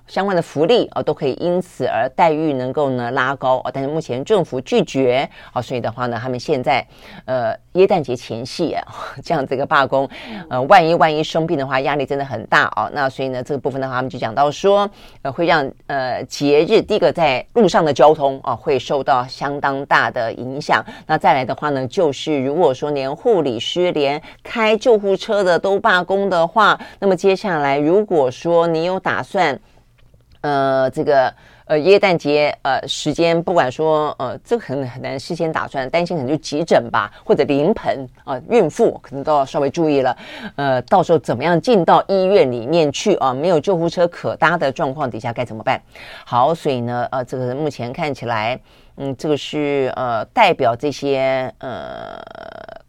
相關的福利啊、哦，都可以因此而待遇能夠呢拉高啊、哦。但是目前政府拒絕啊、哦，所以的話呢，他們現在呃，耶誕節前夕、啊、這樣子一個罷工，呃，萬一萬一生病的話，壓力真的很大啊、哦。那所以呢，這個部分的話，他們就講到說，呃，會讓呃節日第一個在路上的交通啊、哦、會受到相當大的影響。那再來的話呢，就是如果說連護理師、連開救護車的都罷工的話，那麼接下來如果說你有打算。呃，這個呃，耶誕節呃，時間不管說呃，這個很很難事先打算，擔心可能就急診吧，或者臨盆啊，呃，孕婦可能都要稍微注意了。呃，到時候怎麼樣進到醫院裡面去啊？沒有救護車可搭的狀況底下該怎麼辦？好，所以呢，啊，呃，這個目前看起來。嗯，這個是呃代表這些呃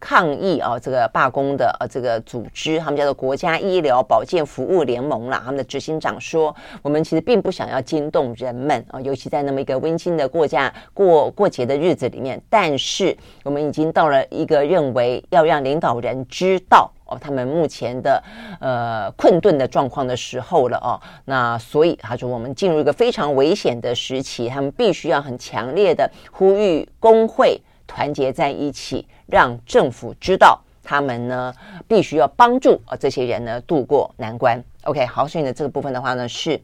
抗議啊，這個罷工的呃、啊、這個組織，他們叫做國家醫療保健服務聯盟啦，他們的執行長說，我們其實並不想要驚動人們啊，尤其在那麼一個溫馨的國家過家過過節的日子裡面，但是我們已經到了一個認為要讓領導人知道。哦，他們目前的呃困頓的狀況的時候了哦，那所以他說、啊、我們進入一個非常危險的時期，他們必須要很強烈的呼籲工會團結在一起，讓政府知道他們呢必須要幫助啊這些人呢渡過難關。OK，好，所以呢這個部分的話呢是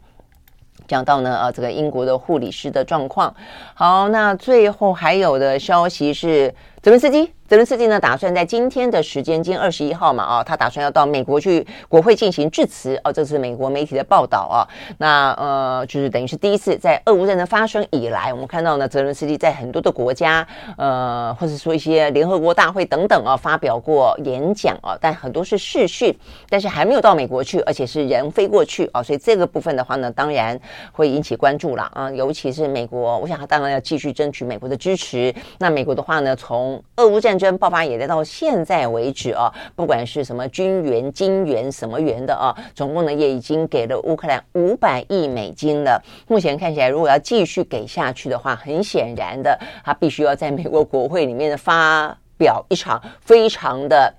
講到呢呃、啊、這個英國的護理師的狀況。好，那最後還有的消息是。澤倫斯基，澤倫斯基呢？打算在今天的時間，今天二十一號嘛？啊，他打算要到美國去國會進行致辭哦、啊。這是美國媒體的報道啊。那呃，就是等於是第一次在俄烏戰爭發生以來，我們看到呢，澤倫斯基在很多的國家，呃，或者說一些聯合國大會等等啊，發表過演講啊，但很多是視訊，但是還沒有到美國去，而且是人飛過去啊。所以這個部分的話呢，當然會引起關注了啊。尤其是美國，我想他當然要繼續爭取美國的支持。那美國的話呢，從俄烏戰爭爆發也到現在為止啊，不管是什麼軍援、金援、什麼援的啊，總共呢也已經給了烏克蘭五百億美金了。目前看起來，如果要繼續給下去的話，很顯然的，他必須要在美國國會裡面呢發表一場非常的。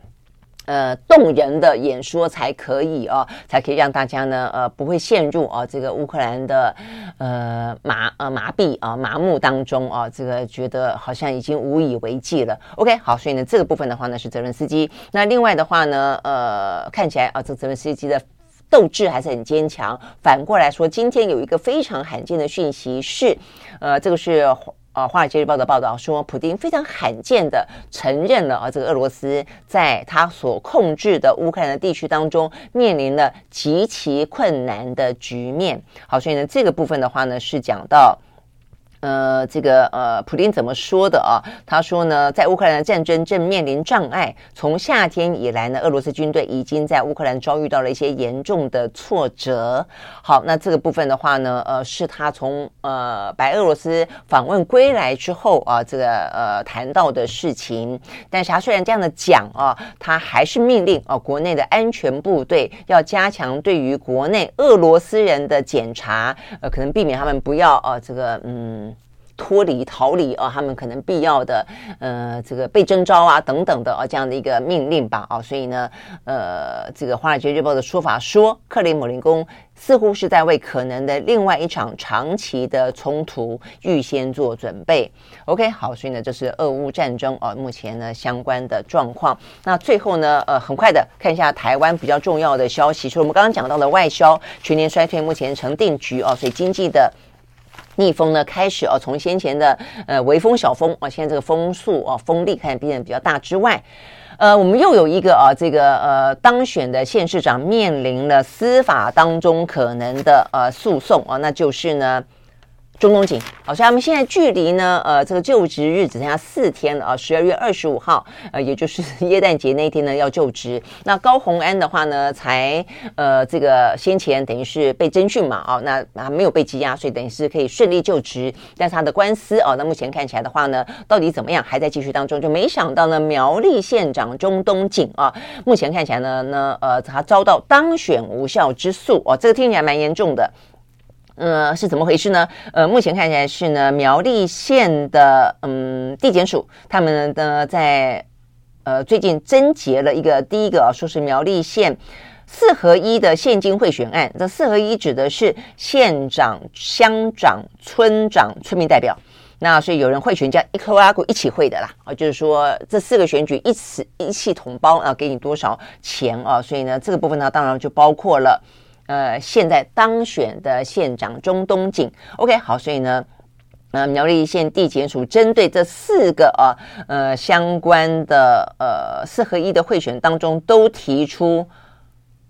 呃，動人的演說才可以哦，才可以讓大家呢，呃，不會陷入啊這個烏克蘭的，呃麻呃麻痹啊麻木當中啊，這個覺得好像已經無以為繼了。OK，好，所以呢這個部分的話呢是澤倫斯基。那另外的話呢，呃，看起來啊、呃，這個、澤倫斯基的鬥志還是很堅強。反過來說，今天有一個非常罕見的訊息是，呃，這個是。啊，《華爾街日報》的報道說，普丁非常罕見的承認了啊，這個俄羅斯在他所控制的烏克蘭的地區當中，面臨了極其困難的局面。好，所以呢，這個部分的話呢，是講到。呃，這個呃，普丁怎麼說的啊？他說呢，在烏克蘭的戰爭正面臨障礙。從夏天以來呢，俄羅斯軍隊已經在烏克蘭遭遇到了一些嚴重的挫折。好，那這個部分的話呢，呃，是他從呃白俄羅斯訪問歸來之後啊，這個呃談到的事情。但是他雖然這樣的講啊，他還是命令啊，國內的安全部隊要加強對於國內俄羅斯人的檢查，呃，可能避免他們不要啊，這個嗯。脫離、逃離啊、哦，他們可能必要的，呃，這個被徵召啊等等的啊、哦，這樣的一個命令吧啊、哦，所以呢，呃，這個華爾街日報的說法說，克里姆林宮似乎是在為可能的另外一場長期的衝突預先做準備。OK，好，所以呢，這、就是俄烏戰爭啊、哦，目前呢相關的狀況。那最後呢，呃，很快的看一下台灣比較重要的消息，說我們剛剛講到的外銷全年衰退，目前成定局哦，所以經濟的。逆風呢，開始哦、啊，從先前的呃微風小風啊，現在這個風速啊，風力看來變得比較大之外，呃，我們又有一個啊，這個呃當選的縣市長面臨了司法當中可能的呃訴訟啊，那就是呢。鍾東錦，好、哦，所以他們現在距離呢，呃，這個就職日只剩下四天了啊，十二月二十五號，呃，也就是耶誕節那天呢要就職。那高虹安的話呢，才呃，這個先前等於是被徵訊嘛，啊、哦，那他沒有被羈押，所以等於是可以順利就職。但是他的官司啊、哦，那目前看起來的話呢，到底怎麼樣，還在繼續當中。就沒想到呢，苗栗縣長鍾東錦，啊、哦，目前看起來呢，呢，呃，他遭到當選無效之訴啊、哦，這個聽起來蠻嚴重的。呃、嗯，是怎麼回事呢？呃，目前看起來是呢，苗栗縣的嗯地檢署他們呢呃在呃最近偵結了一個第一個啊、哦，說是苗栗縣四合一的現金賄選案。這四合一指的是縣長、鄉長、村長、村民代表。那所以有人賄選叫一哭二古一起賄的啦啊，就是說這四個選舉一起一氣同胞啊，給你多少錢啊？所以呢，這個部分呢，當然就包括了。呃，現在當選的縣長鍾東錦，OK，好，所以呢，呃，苗栗縣地檢署針對這四個啊呃相關的呃四合一的賄選當中，都提出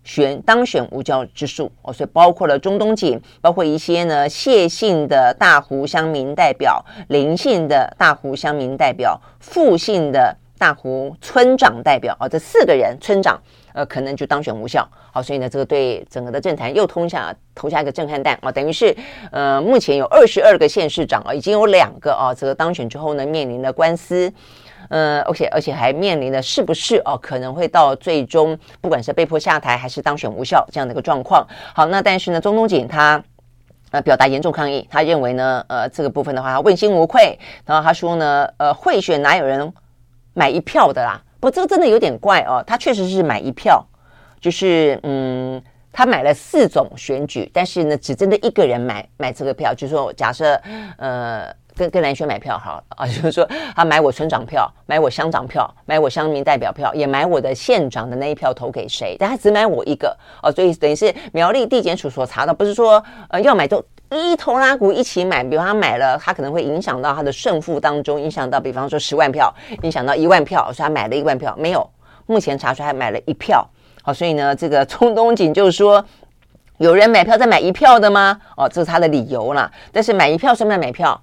選當選無效之訴哦，所以包括了鍾東錦，包括一些呢謝姓的大湖鄉民代表、林姓的大湖鄉民代表、傅姓的大湖村長代表哦，這四個人村長。呃，可能就當選無效，好，所以呢，這個對整個的政壇又投下投下一個震撼彈啊、哦，等於是，呃，目前有二十二個縣市長啊、呃，已經有兩個啊、呃，這個當選之後呢，面臨的官司，呃，而、OK，且而且還面臨了是不是哦、呃，可能會到最終，不管是被迫下台還是當選無效這樣的一個狀況。好，那但是呢，鍾東錦他呃表達嚴重抗議，他認為呢，呃，這個部分的話，他問心無愧，然後他說呢，呃，賄選哪有人買一票的啦、啊？不，這個真的有點怪哦。他確實是買一票，就是嗯，他買了四種選舉，但是呢，只針對一個人買買這個票。就是說假設呃，跟跟蘭萱買票好啊，就是說他買我村長票、買我鄉長票、買我鄉民代表票，也買我的縣長的那一票投給誰？但他只買我一個哦、啊，所以等於是苗栗地檢署所查的，不是說呃要買都。一拖拉庫一起買，比方他買了，他可能會影響到他的勝負當中，影響到比方說十萬票，影響到一萬票，所以他買了一萬票，沒有，目前查出來還買了一票，好，所以呢，這個鍾東錦就是說，有人買票再買一票的嗎？哦，這是他的理由啦。但是買一票算不算買票？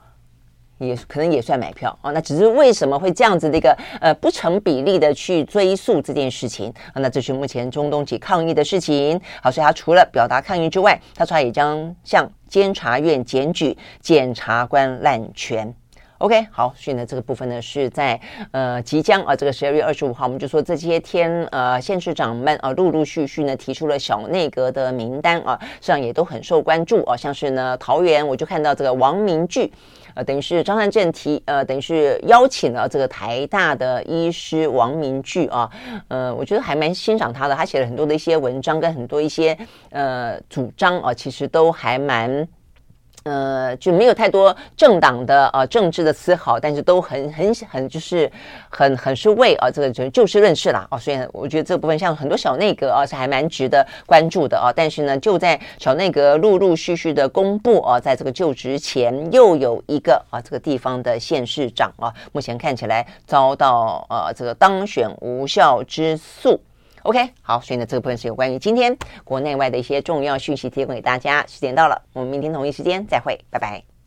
也可能也算買票哦。那只是為什麼會這樣子的一個呃不成比例的去追溯這件事情？啊，那這是目前鍾東錦抗議的事情。好，所以他除了表達抗議之外，他說他也將向。監察院檢舉檢察官濫權，OK，好，所以呢，這個部分呢是在呃即將啊、呃，這個十二月二十五號，我們就說這些天呃，縣市長們啊，陸、呃、陸續續呢提出了小內閣的名單啊，這、呃、樣也都很受關注啊、呃，像是呢桃園，我就看到這個王明鉅。呃，等於是張善政提，呃，等於是邀請了這個台大的醫師王明鉅啊，呃，我覺得還蠻欣賞他的，他寫了很多的一些文章，跟很多一些呃主張啊、呃，其實都還蠻。呃，就沒有太多政黨的啊、呃、政治的思考，但是都很很很就是很很是為啊這個就就事論事啦啊、呃，所以我覺得這部分像很多小內閣啊、呃、是還蠻值得關注的啊、呃，但是呢，就在小內閣陸陸續續的公布啊、呃，在這個就職前又有一個啊、呃、這個地方的縣市長啊、呃，目前看起來遭到呃這個當選無效之訴。OK，好，所以呢，這個部分是有關於今天國內外的一些重要訊息，提供給大家。時間到了，我們明天同一時間再會，拜拜。